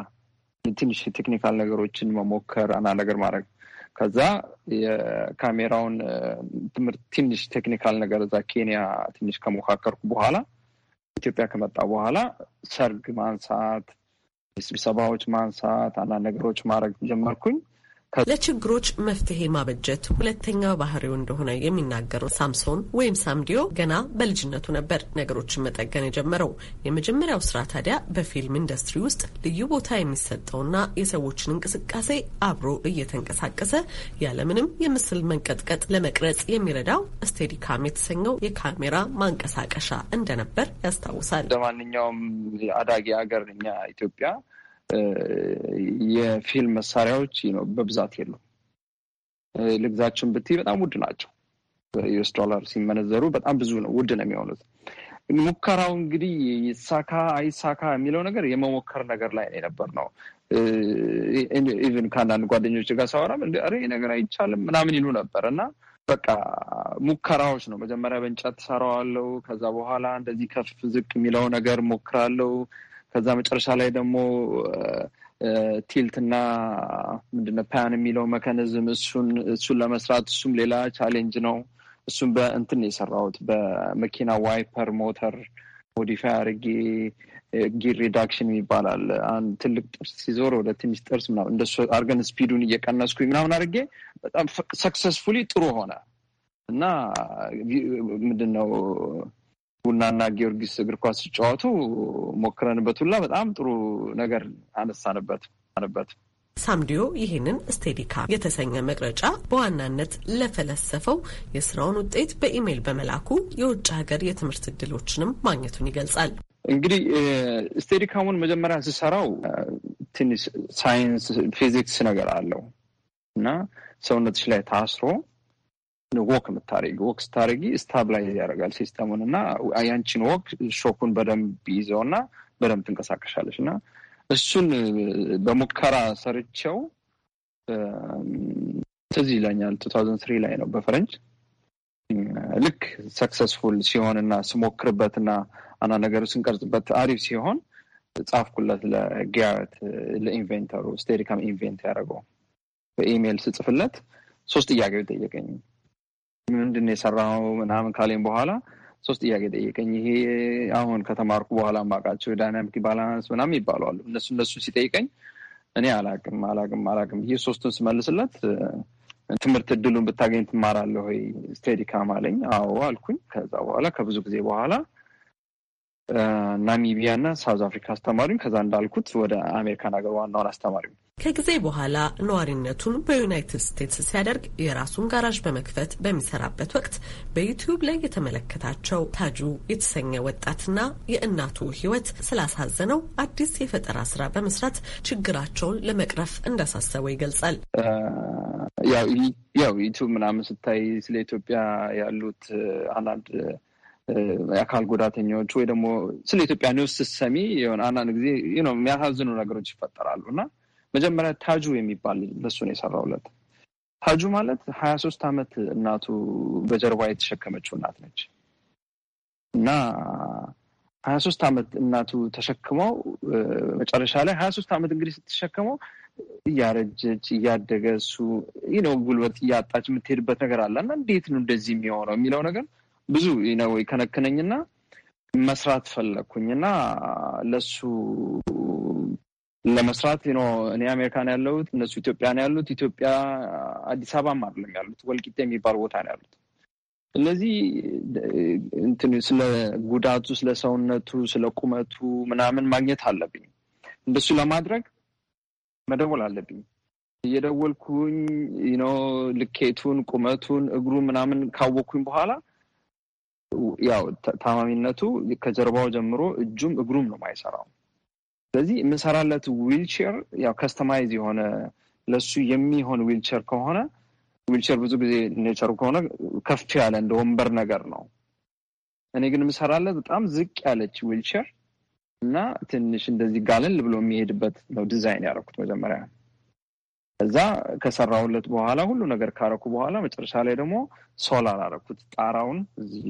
Speaker 13: ትንሽ ቴክኒካል ነገሮችን መሞከር አና ነገር ማድረግ ከዛ የካሜራውን ትምህርት ትንሽ ቴክኒካል ነገር እዛ ኬንያ ትንሽ ከሞካከርኩ በኋላ ኢትዮጵያ ከመጣ በኋላ ሰርግ ማንሳት
Speaker 1: ስብሰባዎች ማንሳት፣ አንዳንድ ነገሮች ማድረግ ጀመርኩኝ። ለችግሮች መፍትሄ ማበጀት ሁለተኛ ባህሪው እንደሆነ የሚናገረው ሳምሶን ወይም ሳምዲዮ ገና በልጅነቱ ነበር ነገሮችን መጠገን የጀመረው። የመጀመሪያው ስራ ታዲያ በፊልም ኢንዱስትሪ ውስጥ ልዩ ቦታ የሚሰጠውና የሰዎችን እንቅስቃሴ አብሮ እየተንቀሳቀሰ ያለምንም የምስል መንቀጥቀጥ ለመቅረጽ የሚረዳው ስቴዲካም የተሰኘው የካሜራ ማንቀሳቀሻ እንደነበር ያስታውሳል።
Speaker 13: ለማንኛውም አዳጊ ሀገር እኛ ኢትዮጵያ የፊልም መሳሪያዎች በብዛት የሉም። ልግዛችን ብትይ በጣም ውድ ናቸው። ዩስ ዶላር ሲመነዘሩ በጣም ብዙ ነው፣ ውድ ነው የሚሆኑት። ሙከራው እንግዲህ ይሳካ አይሳካ የሚለው ነገር የመሞከር ነገር ላይ የነበር ነው። ኢቨን ከአንዳንድ ጓደኞች ጋር ሳወራም ኧረ ነገር አይቻልም ምናምን ይሉ ነበር እና በቃ ሙከራዎች ነው። መጀመሪያ በእንጨት ሰራዋለው፣ ከዛ በኋላ እንደዚህ ከፍ ዝቅ የሚለው ነገር ሞክራለው፣ ከዛ መጨረሻ ላይ ደግሞ ቲልት እና ምንድነው የሚለው መካኒዝም እሱን እሱን ለመስራት እሱም ሌላ ቻሌንጅ ነው። እሱም በእንትን የሰራሁት በመኪና ዋይፐር ሞተር ሞዲፋይ አድርጌ ጊር ሪዳክሽን ይባላል። አንድ ትልቅ ጥርስ ሲዞር ወደ ትንሽ ጥርስ ምናምን እንደሱ አድርገን ስፒዱን እየቀነስኩኝ ምናምን አድርጌ በጣም ሰክሰስፉሊ ጥሩ ሆነ እና ምንድነው ቡናና ጊዮርጊስ እግር ኳስ ሲጫወቱ ሞክረንበት ሁላ በጣም ጥሩ ነገር አነሳንበት ነበት።
Speaker 1: ሳምዲዮ ይህንን ስቴዲካ የተሰኘ መቅረጫ በዋናነት ለፈለሰፈው የስራውን ውጤት በኢሜይል በመላኩ የውጭ ሀገር የትምህርት እድሎችንም ማግኘቱን ይገልጻል።
Speaker 13: እንግዲህ ስቴዲካሙን መጀመሪያ ስሰራው ትንሽ ሳይንስ ፊዚክስ ነገር አለው እና ሰውነትሽ ላይ ታስሮ ወክ የምታደረጊ ወክ ስታደረጊ ስታብላይዝ ያደርጋል ሲስተሙን እና ያንቺን ወክ ሾኩን በደንብ ይዘው እና በደንብ ትንቀሳቀሻለች እና እሱን በሙከራ ሰርቸው ትዝ ይለኛል ቱ ታውዘንድ ላይ ነው በፈረንጅ ልክ ሰክሰስፉል ሲሆን እና ስሞክርበት እና አና ነገሩ ስንቀርጽበት አሪፍ ሲሆን ጻፍኩለት ለጋረት ለኢንቨንተሩ ስቴሪካም ኢንቨንት ያደረገው በኢሜይል ስጽፍለት ሶስት ጥያቄዎች ጠየቀኝ ምንድን የሰራው ምናምን ካለኝ በኋላ ሶስት ጥያቄ ጠየቀኝ። ይሄ አሁን ከተማርኩ በኋላ ማቃቸው ዳይናሚክ ባላንስ ምናምን ይባለዋል። እነሱ እነሱ ሲጠይቀኝ እኔ አላቅም አላቅም አላቅም ብዬ ሶስቱን ስመልስለት ትምህርት እድሉን ብታገኝ ትማራለህ ወይ ስቴዲካም አለኝ። አዎ አልኩኝ። ከዛ በኋላ ከብዙ ጊዜ በኋላ ናሚቢያ እና ሳውዝ አፍሪካ አስተማሪም ከዛ እንዳልኩት ወደ አሜሪካን ሀገር ዋናውን አስተማሪም
Speaker 1: ከጊዜ በኋላ ነዋሪነቱን በዩናይትድ ስቴትስ ሲያደርግ የራሱን ጋራዥ በመክፈት በሚሰራበት ወቅት በዩቲዩብ ላይ የተመለከታቸው ታጁ የተሰኘ ወጣትና የእናቱ ሕይወት ስላሳዘነው አዲስ የፈጠራ ስራ በመስራት ችግራቸውን ለመቅረፍ እንዳሳሰበው ይገልጻል።
Speaker 13: ያው ዩቲዩብ ምናምን ስታይ ስለ ኢትዮጵያ ያሉት አንዳንድ የአካል ጉዳተኞች ወይ ደግሞ ስለ ኢትዮጵያ ኒውስ ስትሰሚ የሆነ አንዳንድ ጊዜ የሚያሳዝኑ ነገሮች ይፈጠራሉ እና መጀመሪያ ታጁ የሚባል ለሱ ነው የሰራውለት። ታጁ ማለት ሀያ ሶስት አመት እናቱ በጀርባ የተሸከመችው እናት ነች እና ሀያ ሶስት አመት እናቱ ተሸክመው መጨረሻ ላይ ሀያ ሶስት አመት እንግዲህ ስትሸከመው እያረጀች እያደገ እሱ ነው ጉልበት እያጣች የምትሄድበት ነገር አለ እና እንዴት ነው እንደዚህ የሚሆነው የሚለው ነገር ብዙ ነው የከነከነኝና መስራት ፈለግኩኝና ለሱ ለመስራት ነው። እኔ አሜሪካን ያለሁት እነሱ ኢትዮጵያ ነው ያሉት። ኢትዮጵያ አዲስ አበባም አይደለም ያሉት፣ ወልቂጤ የሚባል ቦታ ነው ያሉት። እነዚህ እንትን ስለ ጉዳቱ፣ ስለ ሰውነቱ፣ ስለ ቁመቱ ምናምን ማግኘት አለብኝ። እንደሱ ለማድረግ መደወል አለብኝ። እየደወልኩኝ ነው ልኬቱን፣ ቁመቱን፣ እግሩ ምናምን ካወቅኩኝ በኋላ ያው ታማሚነቱ ከጀርባው ጀምሮ እጁም እግሩም ነው ማይሰራው ስለዚህ የምንሰራለት ዊልቸር ያው ከስተማይዝ የሆነ ለሱ የሚሆን ዊልቸር ከሆነ ዊልቸር ብዙ ጊዜ ኔቸሩ ከሆነ ከፍ ያለ እንደ ወንበር ነገር ነው። እኔ ግን የምሰራለት በጣም ዝቅ ያለች ዊልቸር እና ትንሽ እንደዚህ ጋለል ብሎ የሚሄድበት ነው ዲዛይን ያደረኩት መጀመሪያ። ከዛ ከሰራሁለት በኋላ ሁሉ ነገር ካረኩ በኋላ መጨረሻ ላይ ደግሞ ሶላር አረኩት። ጣራውን እዚህ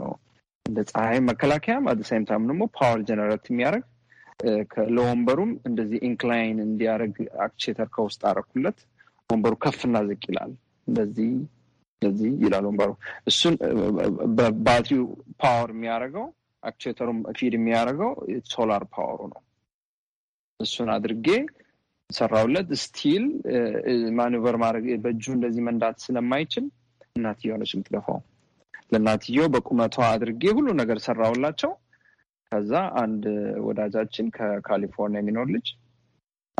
Speaker 13: ነው እንደ ፀሐይ መከላከያም አደሳይም ታይም ደግሞ ፓወር ጀነሬት የሚያደርግ ለወንበሩም እንደዚህ ኢንክላይን እንዲያደርግ አክቼተር ከውስጥ አረኩለት። ወንበሩ ከፍና ዝቅ ይላል። እንደዚህ እንደዚህ ይላል ወንበሩ። እሱን በባትሪው ፓወር የሚያደርገው አክቼተሩም ፊድ የሚያደርገው ሶላር ፓወሩ ነው። እሱን አድርጌ ሰራውለት። ስቲል ማኒቨር ማድረግ በእጁ እንደዚህ መንዳት ስለማይችል እናትየው ነች የምትገፋው። ለእናትየው በቁመቷ አድርጌ ሁሉ ነገር ሰራውላቸው። ከዛ አንድ ወዳጃችን ከካሊፎርኒያ የሚኖር ልጅ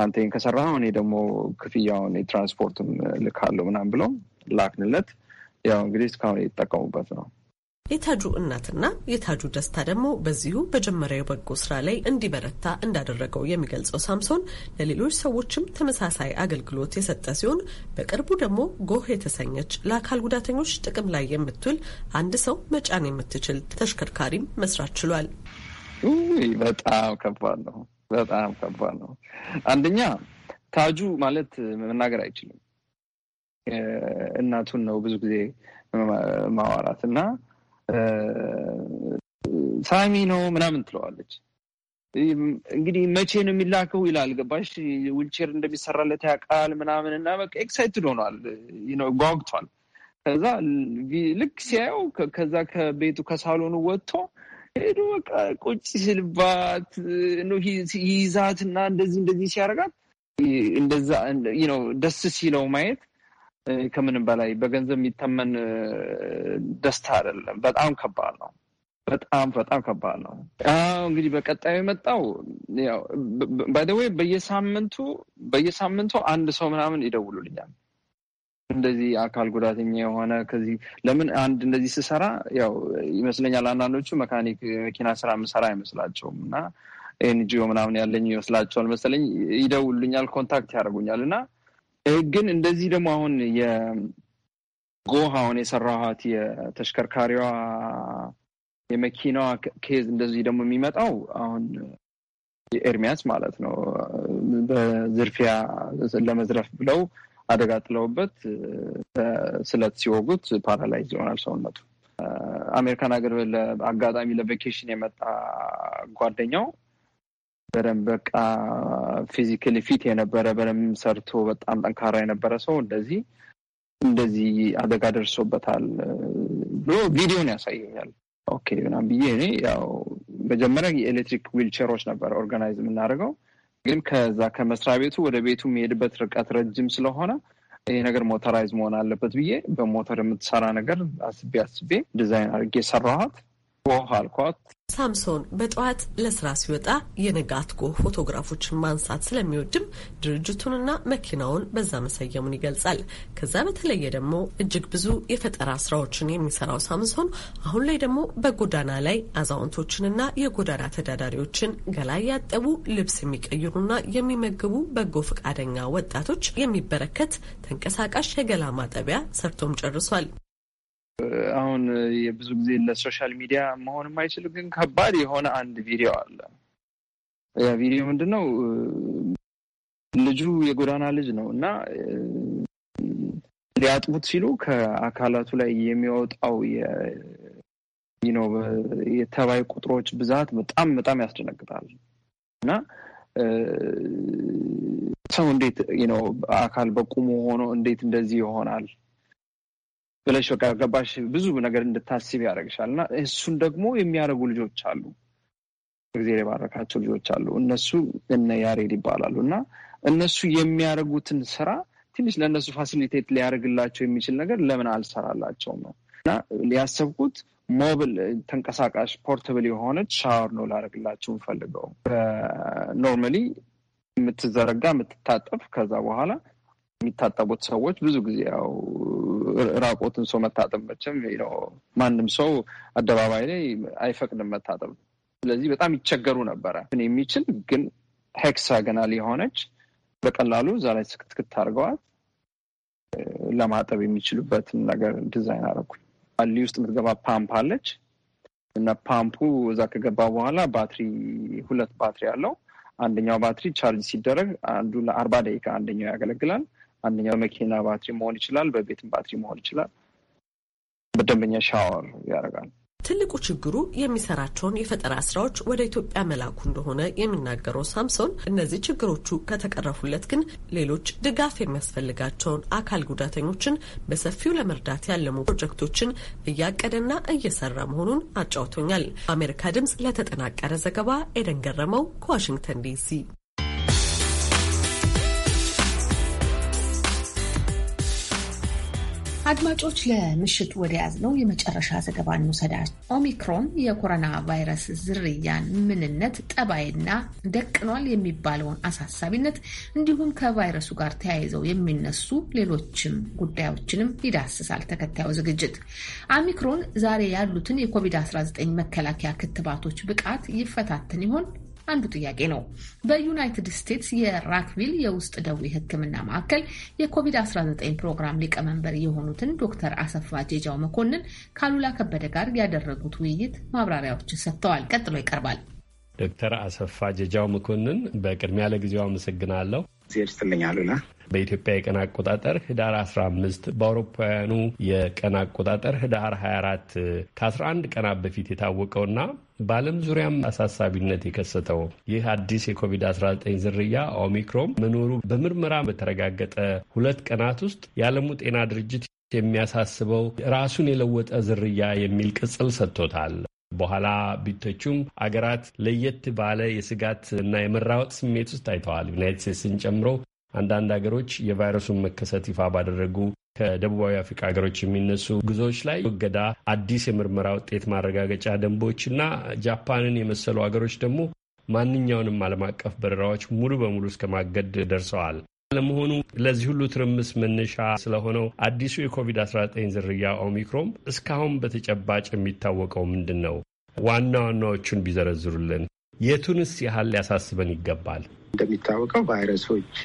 Speaker 13: አንተ ከሰራ እኔ ደግሞ ክፍያውን የትራንስፖርቱን ልካለሁ ምናም ብሎ ላክንለት። ያው እንግዲህ እስካሁን የተጠቀሙበት ነው።
Speaker 1: የታጁ እናትና የታጁ ደስታ ደግሞ በዚሁ በጀመሪያው በጎ ስራ ላይ እንዲበረታ እንዳደረገው የሚገልጸው ሳምሶን ለሌሎች ሰዎችም ተመሳሳይ አገልግሎት የሰጠ ሲሆን በቅርቡ ደግሞ ጎህ የተሰኘች ለአካል ጉዳተኞች ጥቅም ላይ የምትውል አንድ ሰው መጫን የምትችል ተሽከርካሪም መስራት ችሏል። በጣም ከባድ ነው።
Speaker 13: በጣም ከባድ ነው። አንደኛ ታጁ ማለት መናገር አይችልም። እናቱን ነው ብዙ ጊዜ ማዋራት እና ሳሚ ነው ምናምን ትለዋለች። እንግዲህ መቼ ነው የሚላከው ይላል። ገባሽ ዊልቼር እንደሚሰራለት ያውቃል ምናምን እና በቃ ኤክሳይትድ ሆኗል፣ ጓጉቷል። ከዛ ልክ ሲያየው ከዛ ከቤቱ ከሳሎኑ ወጥቶ ሄዶ በቃ ቁጭ ስልባት ይይዛት እና እንደዚህ እንደዚህ ሲያደርጋት እንደዛ ነው ደስ ሲለው ማየት ከምንም በላይ በገንዘብ የሚተመን ደስታ አይደለም። በጣም ከባድ ነው። በጣም በጣም ከባድ ነው። እንግዲህ በቀጣዩ የመጣው ባይደወይ በየሳምንቱ በየሳምንቱ አንድ ሰው ምናምን ይደውሉልኛል እንደዚህ አካል ጉዳተኛ የሆነ ከዚህ ለምን አንድ እንደዚህ ስሰራ ያው ይመስለኛል አንዳንዶቹ መካኒክ መኪና ስራ ምሰራ አይመስላቸውም እና ኤንጂኦ ምናምን ያለኝ ይመስላቸዋል መሰለኝ። ይደውሉኛል፣ ኮንታክት ያደርጉኛል እና ግን እንደዚህ ደግሞ አሁን የጎህ አሁን የሰራኋት የተሽከርካሪዋ የመኪናዋ ኬዝ እንደዚህ ደግሞ የሚመጣው አሁን ኤርሚያስ ማለት ነው በዝርፊያ ለመዝረፍ ብለው አደጋ ጥለውበት ስለት ሲወጉት ፓራላይዝ ይሆናል ሰውነቱ። አሜሪካን ሀገር አጋጣሚ ለቬኬሽን የመጣ ጓደኛው በደንብ በቃ ፊዚካሊ ፊት የነበረ በደንብ ሰርቶ በጣም ጠንካራ የነበረ ሰው እንደዚህ እንደዚህ አደጋ ደርሶበታል ብሎ ቪዲዮን ያሳየኛል። ኦኬ ምናምን ብዬ እኔ ያው መጀመሪያ የኤሌክትሪክ ዊልቸሮች ነበረ ኦርጋናይዝ የምናደርገው ግን ከዛ ከመስሪያ ቤቱ ወደ ቤቱ የሚሄድበት ርቀት ረጅም ስለሆነ ይሄ ነገር ሞተራይዝ መሆን አለበት ብዬ በሞተር የምትሰራ ነገር አስቤ አስቤ ዲዛይን አድርጌ
Speaker 1: ሰራኋት። ውሃ አልኳት ሳምሶን በጠዋት ለስራ ሲወጣ የንጋት ጎህ ፎቶግራፎችን ማንሳት ስለሚወድም ድርጅቱንና መኪናውን በዛ መሰየሙን ይገልጻል። ከዛ በተለየ ደግሞ እጅግ ብዙ የፈጠራ ስራዎችን የሚሰራው ሳምሶን አሁን ላይ ደግሞ በጎዳና ላይ አዛውንቶችንና የጎዳና ተዳዳሪዎችን ገላ ያጠቡ፣ ልብስ የሚቀይሩና የሚመግቡ በጎ ፈቃደኛ ወጣቶች የሚበረከት ተንቀሳቃሽ የገላ ማጠቢያ ሰርቶም ጨርሷል።
Speaker 13: አሁን ብዙ ጊዜ ለሶሻል ሚዲያ መሆን የማይችል ግን ከባድ የሆነ አንድ ቪዲዮ አለ። ያ ቪዲዮ ምንድን ነው? ልጁ የጎዳና ልጅ ነው እና ሊያጥቡት ሲሉ ከአካላቱ ላይ የሚወጣው ነው የተባይ ቁጥሮች ብዛት በጣም በጣም ያስደነግጣል እና ሰው እንዴት ነው አካል በቁሙ ሆኖ እንዴት እንደዚህ ይሆናል ብለሽ በቃ ገባሽ ብዙ ነገር እንድታስብ ያደርግሻል። እና እሱን ደግሞ የሚያደርጉ ልጆች አሉ፣ እግዜር የባረካቸው ልጆች አሉ። እነሱ እነ ያሬድ ይባላሉ። እና እነሱ የሚያደርጉትን ስራ ትንሽ ለእነሱ ፋሲሊቴት ሊያደርግላቸው የሚችል ነገር ለምን አልሰራላቸውም ነው እና ሊያሰብኩት ሞብል ተንቀሳቃሽ ፖርተብል የሆነች ሻወር ነው ላደርግላቸው እንፈልገው ኖርማሊ የምትዘረጋ የምትታጠፍ ከዛ በኋላ የሚታጠቡት ሰዎች ብዙ ጊዜ ያው ራቆትን ሰው መታጠብ መቼም ማንም ሰው አደባባይ ላይ አይፈቅድም መታጠብ። ስለዚህ በጣም ይቸገሩ ነበረ። የሚችል ግን ሄክሳገናል የሆነች በቀላሉ እዛ ላይ ስክትክት አድርገዋት ለማጠብ የሚችሉበትን ነገር ዲዛይን አደረኩኝ። አሊ ውስጥ የምትገባ ፓምፕ አለች እና ፓምፑ እዛ ከገባ በኋላ ባትሪ ሁለት ባትሪ አለው። አንደኛው ባትሪ ቻርጅ ሲደረግ አንዱ ለአርባ ደቂቃ አንደኛው ያገለግላል። አንደኛው መኪና ባትሪ መሆን ይችላል፣ በቤትም ባትሪ መሆን ይችላል። በደንበኛ ሻወር ያደርጋል።
Speaker 1: ትልቁ ችግሩ የሚሰራቸውን የፈጠራ ስራዎች ወደ ኢትዮጵያ መላኩ እንደሆነ የሚናገረው ሳምሶን እነዚህ ችግሮቹ ከተቀረፉለት ግን ሌሎች ድጋፍ የሚያስፈልጋቸውን አካል ጉዳተኞችን በሰፊው ለመርዳት ያለሙ ፕሮጀክቶችን እያቀደና እየሰራ መሆኑን አጫውቶኛል። በአሜሪካ ድምፅ ለተጠናቀረ ዘገባ ኤደን ገረመው ከዋሽንግተን ዲሲ
Speaker 2: አድማጮች ለምሽት ወደ ያዝነው የመጨረሻ ዘገባ እንውሰዳችሁ። ኦሚክሮን የኮሮና ቫይረስ ዝርያን ምንነት፣ ጠባይና ደቅኗል የሚባለውን አሳሳቢነት እንዲሁም ከቫይረሱ ጋር ተያይዘው የሚነሱ ሌሎችም ጉዳዮችንም ይዳስሳል ተከታዩ ዝግጅት። ኦሚክሮን ዛሬ ያሉትን የኮቪድ-19 መከላከያ ክትባቶች ብቃት ይፈታተን ይሆን? አንዱ ጥያቄ ነው። በዩናይትድ ስቴትስ የራክቪል የውስጥ ደዌ ሕክምና ማዕከል የኮቪድ-19 ፕሮግራም ሊቀመንበር የሆኑትን ዶክተር አሰፋ ጄጃው መኮንን ካሉላ ከበደ ጋር ያደረጉት ውይይት ማብራሪያዎችን ሰጥተዋል። ቀጥሎ ይቀርባል።
Speaker 11: ዶክተር አሰፋ ጄጃው መኮንን በቅድሚያ ለጊዜው አመሰግናለሁ። ዜር በኢትዮጵያ የቀን አቆጣጠር ህዳር 15 በአውሮፓውያኑ የቀን አቆጣጠር ህዳር 24 ከ11 ቀናት በፊት የታወቀውና በዓለም ዙሪያም አሳሳቢነት የከሰተው ይህ አዲስ የኮቪድ-19 ዝርያ ኦሚክሮን መኖሩ በምርመራ በተረጋገጠ ሁለት ቀናት ውስጥ የዓለሙ ጤና ድርጅት የሚያሳስበው ራሱን የለወጠ ዝርያ የሚል ቅጽል ሰጥቶታል። በኋላ ቢተቹም አገራት ለየት ባለ የስጋት እና የመራወጥ ስሜት ውስጥ አይተዋል። ዩናይት ስቴትስን ጨምሮ አንዳንድ ሀገሮች የቫይረሱን መከሰት ይፋ ባደረጉ ከደቡባዊ አፍሪካ ሀገሮች የሚነሱ ጉዞዎች ላይ እገዳ፣ አዲስ የምርመራ ውጤት ማረጋገጫ ደንቦች እና ጃፓንን የመሰሉ ሀገሮች ደግሞ ማንኛውንም ዓለም አቀፍ በረራዎች ሙሉ በሙሉ እስከ ማገድ ደርሰዋል። ለመሆኑ ለዚህ ሁሉ ትርምስ መነሻ ስለሆነው አዲሱ የኮቪድ-19 ዝርያ ኦሚክሮን እስካሁን በተጨባጭ የሚታወቀው ምንድን ነው? ዋና ዋናዎቹን ቢዘረዝሩልን፣ የቱንስ ያህል ሊያሳስበን
Speaker 14: ይገባል? እንደሚታወቀው ቫይረሶች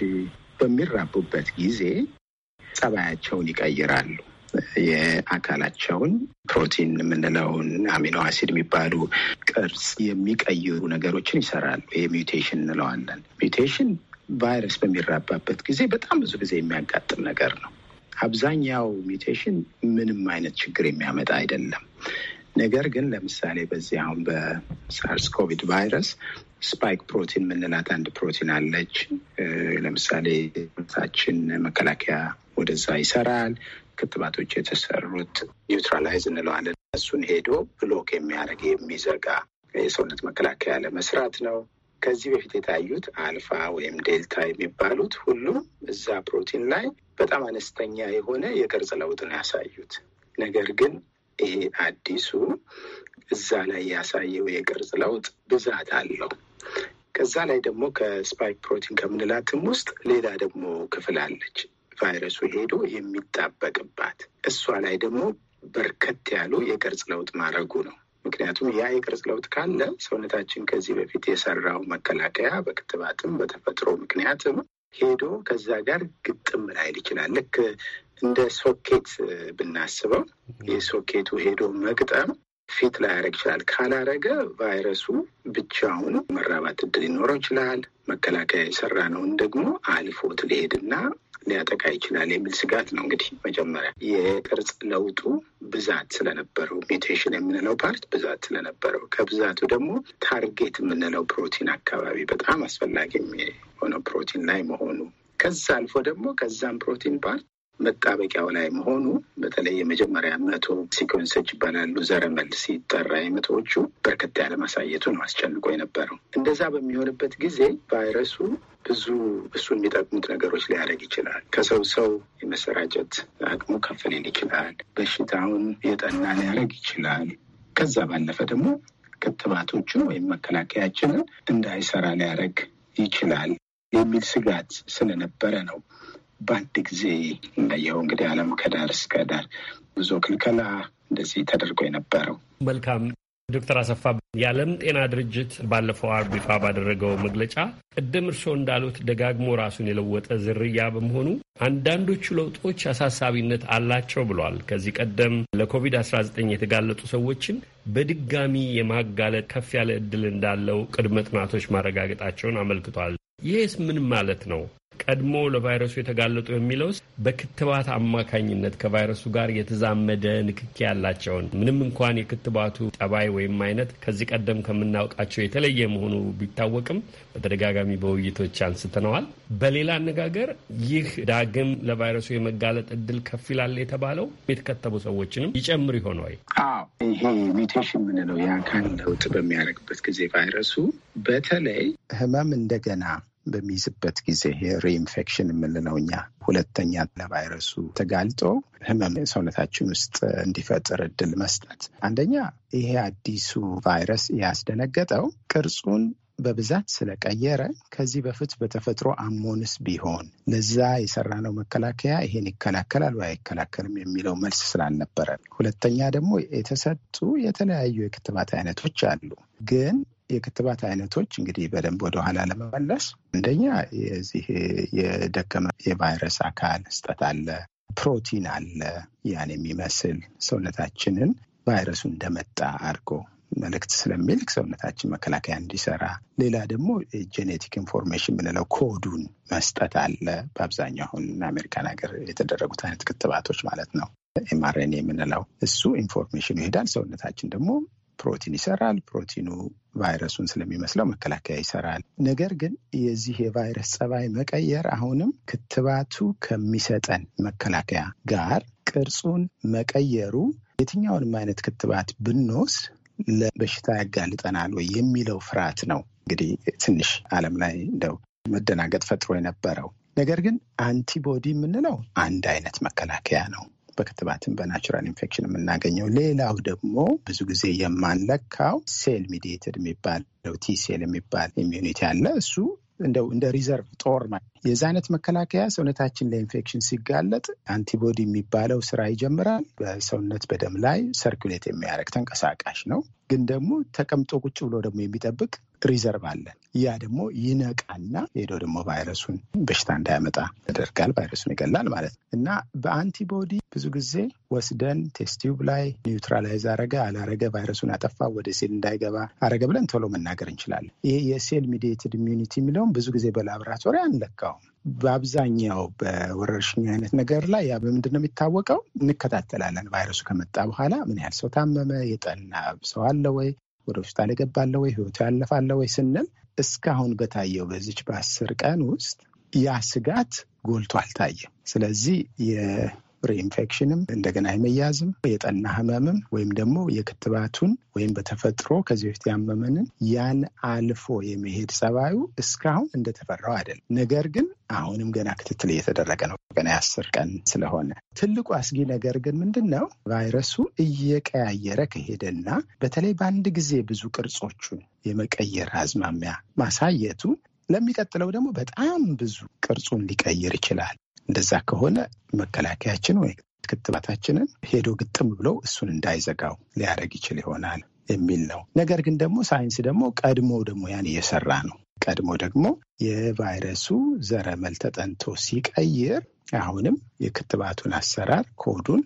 Speaker 14: በሚራቡበት ጊዜ ጸባያቸውን ይቀይራሉ። የአካላቸውን ፕሮቲን የምንለውን አሚኖ አሲድ የሚባሉ ቅርጽ የሚቀይሩ ነገሮችን ይሰራሉ። ይሄ ሚውቴሽን እንለዋለን። ሚውቴሽን ቫይረስ በሚራባበት ጊዜ በጣም ብዙ ጊዜ የሚያጋጥም ነገር ነው። አብዛኛው ሚውቴሽን ምንም አይነት ችግር የሚያመጣ አይደለም። ነገር ግን ለምሳሌ በዚህ አሁን በሳርስ ኮቪድ ቫይረስ ስፓይክ ፕሮቲን የምንላት አንድ ፕሮቲን አለች። ለምሳሌ ታችን መከላከያ ወደዛ ይሰራል። ክትባቶች የተሰሩት ኒውትራላይዝ እንለዋለን። እሱን ሄዶ ብሎክ የሚያደርግ የሚዘጋ የሰውነት መከላከያ ለመስራት ነው። ከዚህ በፊት የታዩት አልፋ ወይም ዴልታ የሚባሉት ሁሉም እዛ ፕሮቲን ላይ በጣም አነስተኛ የሆነ የቅርጽ ለውጥ ነው ያሳዩት። ነገር ግን ይሄ አዲሱ እዛ ላይ ያሳየው የቅርጽ ለውጥ ብዛት አለው። ከዛ ላይ ደግሞ ከስፓይክ ፕሮቲን ከምንላትም ውስጥ ሌላ ደግሞ ክፍል አለች ቫይረሱ ሄዶ የሚጣበቅባት እሷ ላይ ደግሞ በርከት ያሉ የቅርጽ ለውጥ ማድረጉ ነው። ምክንያቱም ያ የቅርጽ ለውጥ ካለ ሰውነታችን ከዚህ በፊት የሰራው መከላከያ በክትባትም በተፈጥሮ ምክንያትም ሄዶ ከዛ ጋር ግጥም ላይል ይችላል። ልክ እንደ ሶኬት ብናስበው የሶኬቱ ሄዶ መግጠም ፊት ላያደረግ ይችላል። ካላረገ ቫይረሱ ብቻውን መራባት እድል ሊኖረው ይችላል። መከላከያ የሰራ ነውን ደግሞ አልፎት ሊሄድና ሊያጠቃ ይችላል የሚል ስጋት ነው። እንግዲህ መጀመሪያ የቅርጽ ለውጡ ብዛት ስለነበረው ሚውቴሽን የምንለው ፓርት ብዛት ስለነበረው ከብዛቱ ደግሞ ታርጌት የምንለው ፕሮቲን አካባቢ በጣም አስፈላጊ የሆነው ፕሮቲን ላይ መሆኑ ከዛ አልፎ ደግሞ ከዛም ፕሮቲን ፓርት መጣበቂያው ላይ መሆኑ በተለይ የመጀመሪያ መቶ ሲኮንሶች ይባላሉ ዘረመል ሲጠራ የመቶዎቹ በርከት ያለ ማሳየቱ ነው አስጨንቆ የነበረው። እንደዛ በሚሆንበት ጊዜ ቫይረሱ ብዙ እሱ የሚጠቅሙት ነገሮች ሊያደርግ ይችላል። ከሰው ሰው የመሰራጨት አቅሙ ከፍ ሊል ይችላል። በሽታውን የጠና ሊያደርግ ይችላል። ከዛ ባለፈ ደግሞ ክትባቶቹን ወይም መከላከያችንን እንዳይሰራ ሊያደርግ ይችላል የሚል ስጋት ስለነበረ ነው በአንድ ጊዜ እንዳየኸው እንግዲህ ዓለም ከዳር እስከ ዳር ብዙ ክልከላ እንደዚህ ተደርጎ የነበረው።
Speaker 11: መልካም ዶክተር አሰፋ የዓለም ጤና ድርጅት ባለፈው አርብ ይፋ ባደረገው መግለጫ ቅድም እርስዎ እንዳሉት ደጋግሞ ራሱን የለወጠ ዝርያ በመሆኑ አንዳንዶቹ ለውጦች አሳሳቢነት አላቸው ብሏል። ከዚህ ቀደም ለኮቪድ-19 የተጋለጡ ሰዎችን በድጋሚ የማጋለጥ ከፍ ያለ እድል እንዳለው ቅድመ ጥናቶች ማረጋገጣቸውን አመልክቷል። ይህስ ምን ማለት ነው? ቀድሞ ለቫይረሱ የተጋለጡ የሚለውስ በክትባት አማካኝነት ከቫይረሱ ጋር የተዛመደ ንክኪ ያላቸውን ምንም እንኳን የክትባቱ ጠባይ ወይም አይነት ከዚህ ቀደም ከምናውቃቸው የተለየ መሆኑ ቢታወቅም በተደጋጋሚ በውይይቶች አንስተነዋል። በሌላ አነጋገር ይህ ዳግም ለቫይረሱ የመጋለጥ እድል ከፍ ይላል የተባለው የተከተቡ ሰዎችንም ይጨምር ይሆን ወይ?
Speaker 14: ይሄ ሚቴሽን የምንለው የአካል ለውጥ በሚያደርግበት ጊዜ ቫይረሱ በተለይ ህመም እንደገና በሚይዝበት ጊዜ ሪኢንፌክሽን የምንለው እኛ ሁለተኛ ለቫይረሱ ተጋልጦ ህመም ሰውነታችን ውስጥ እንዲፈጥር እድል መስጠት። አንደኛ ይሄ አዲሱ ቫይረስ ያስደነገጠው ቅርጹን በብዛት ስለቀየረ ከዚህ በፊት በተፈጥሮ አሞንስ ቢሆን ለዛ የሰራነው መከላከያ ይሄን ይከላከላል ወይ አይከላከልም የሚለው መልስ ስላልነበረ፣ ሁለተኛ ደግሞ የተሰጡ የተለያዩ የክትባት አይነቶች አሉ ግን የክትባት አይነቶች እንግዲህ በደንብ ወደኋላ ለመመለስ አንደኛ የዚህ የደከመ የቫይረስ አካል ስጠት አለ፣ ፕሮቲን አለ። ያን የሚመስል ሰውነታችንን ቫይረሱ እንደመጣ አድርጎ መልእክት ስለሚልክ ሰውነታችን መከላከያ እንዲሰራ። ሌላ ደግሞ ጄኔቲክ ኢንፎርሜሽን የምንለው ኮዱን መስጠት አለ። በአብዛኛው አሁን አሜሪካን ሀገር የተደረጉት አይነት ክትባቶች ማለት ነው። ኤምአርኤን የምንለው እሱ ኢንፎርሜሽኑ ይሄዳል። ሰውነታችን ደግሞ ፕሮቲን ይሰራል። ፕሮቲኑ ቫይረሱን ስለሚመስለው መከላከያ ይሰራል። ነገር ግን የዚህ የቫይረስ ጸባይ መቀየር አሁንም ክትባቱ ከሚሰጠን መከላከያ ጋር ቅርጹን መቀየሩ የትኛውንም አይነት ክትባት ብንወስድ ለበሽታ ያጋልጠናል ወይ የሚለው ፍርሃት ነው እንግዲህ ትንሽ ዓለም ላይ እንደው መደናገጥ ፈጥሮ የነበረው ነገር ግን አንቲቦዲ የምንለው አንድ አይነት መከላከያ ነው። በክትባትም በናቹራል ኢንፌክሽን የምናገኘው። ሌላው ደግሞ ብዙ ጊዜ የማንለካው ሴል ሚዲየትድ የሚባለው ቲ ሴል የሚባል ኢሚዩኒቲ አለ እሱ እንደው እንደ ሪዘርቭ ጦር ማለት የዛ አይነት መከላከያ ሰውነታችን ለኢንፌክሽን ሲጋለጥ አንቲቦዲ የሚባለው ስራ ይጀምራል። በሰውነት በደም ላይ ሰርኩሌት የሚያደርግ ተንቀሳቃሽ ነው። ግን ደግሞ ተቀምጦ ቁጭ ብሎ ደግሞ የሚጠብቅ ሪዘርቭ አለን። ያ ደግሞ ይነቃና ሄዶ ደግሞ ቫይረሱን በሽታ እንዳያመጣ ያደርጋል። ቫይረሱን ይገላል ማለት ነው እና በአንቲቦዲ ብዙ ጊዜ ወስደን ቴስቲዩብ ላይ ኒውትራላይዝ አረገ አላረገ፣ ቫይረሱን አጠፋ፣ ወደ ሴል እንዳይገባ አረገ ብለን ቶሎ መናገር እንችላለን። ይሄ የሴል ሚዲየትድ ኢሚኒቲ የሚለውን ብዙ ጊዜ በላቦራቶሪ አንለካውም። በአብዛኛው በወረርሽኝ አይነት ነገር ላይ ያ በምንድን ነው የሚታወቀው? እንከታተላለን። ቫይረሱ ከመጣ በኋላ ምን ያህል ሰው ታመመ፣ የጠና ሰው አለ ወይ፣ ወደ ሆስፒታል የገባለ ወይ ህይወቱ ያለፋለ ወይ ስንል እስካሁን በታየው በዚች በአስር ቀን ውስጥ ያ ስጋት ጎልቶ አልታየም። ስለዚህ ሪኢንፌክሽንም እንደገና የመያዝም የጠና ህመምም ወይም ደግሞ የክትባቱን ወይም በተፈጥሮ ከዚህ በፊት ያመመንን ያን አልፎ የመሄድ ሰባዩ እስካሁን እንደተፈራው አይደለም። ነገር ግን አሁንም ገና ክትትል እየተደረገ ነው። ገና የአስር ቀን ስለሆነ ትልቁ አስጊ ነገር ግን ምንድን ነው? ቫይረሱ እየቀያየረ ከሄደና በተለይ በአንድ ጊዜ ብዙ ቅርጾቹን የመቀየር አዝማሚያ ማሳየቱ ለሚቀጥለው ደግሞ በጣም ብዙ ቅርጹን ሊቀይር ይችላል። እንደዛ ከሆነ መከላከያችን ወይ ክትባታችንን ሄዶ ግጥም ብሎ እሱን እንዳይዘጋው ሊያደርግ ይችል ይሆናል የሚል ነው። ነገር ግን ደግሞ ሳይንስ ደግሞ ቀድሞ ደግሞ ያን እየሰራ ነው። ቀድሞ ደግሞ የቫይረሱ ዘረመል ተጠንቶ ሲቀይር አሁንም የክትባቱን አሰራር ኮዱን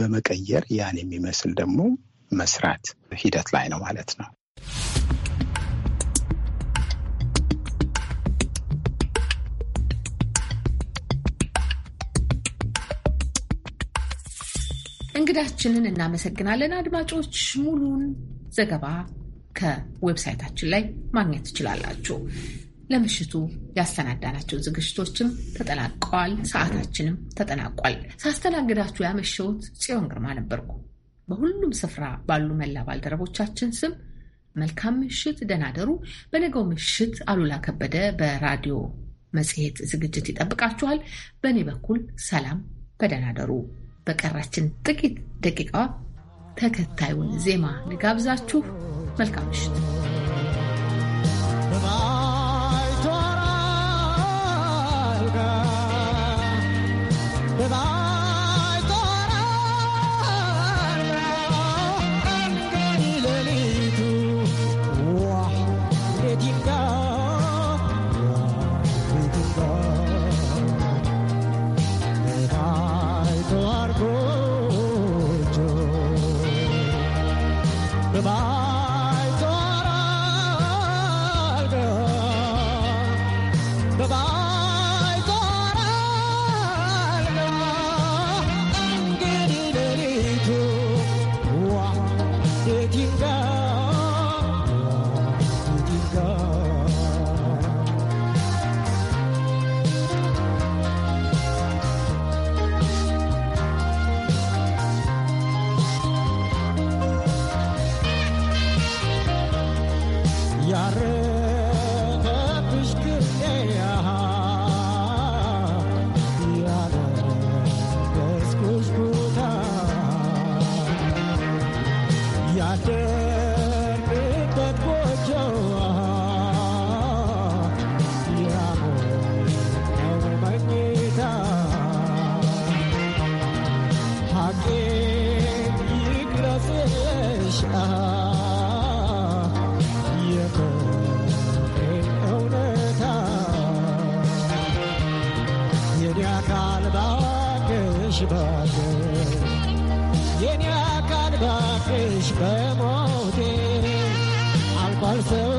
Speaker 14: በመቀየር ያን የሚመስል ደግሞ መስራት ሂደት ላይ ነው ማለት ነው።
Speaker 2: እንግዳችንን እናመሰግናለን። አድማጮች ሙሉን ዘገባ ከዌብሳይታችን ላይ ማግኘት ትችላላችሁ። ለምሽቱ ያሰናዳናቸው ዝግጅቶችም ተጠናቀዋል። ሰዓታችንም ተጠናቋል። ሳስተናግዳችሁ ያመሸሁት ጽዮን ግርማ ነበርኩ። በሁሉም ስፍራ ባሉ መላ ባልደረቦቻችን ስም መልካም ምሽት፣ ደህና ደሩ። በነገው ምሽት አሉላ ከበደ በራዲዮ መጽሔት ዝግጅት ይጠብቃችኋል። በእኔ በኩል ሰላም፣ በደህና ደሩ። በቀራችን ጥቂት ደቂቃዋ ተከታዩን ዜማ ልጋብዛችሁ። መልካም ምሽት።
Speaker 15: በሞቴ አልቋል።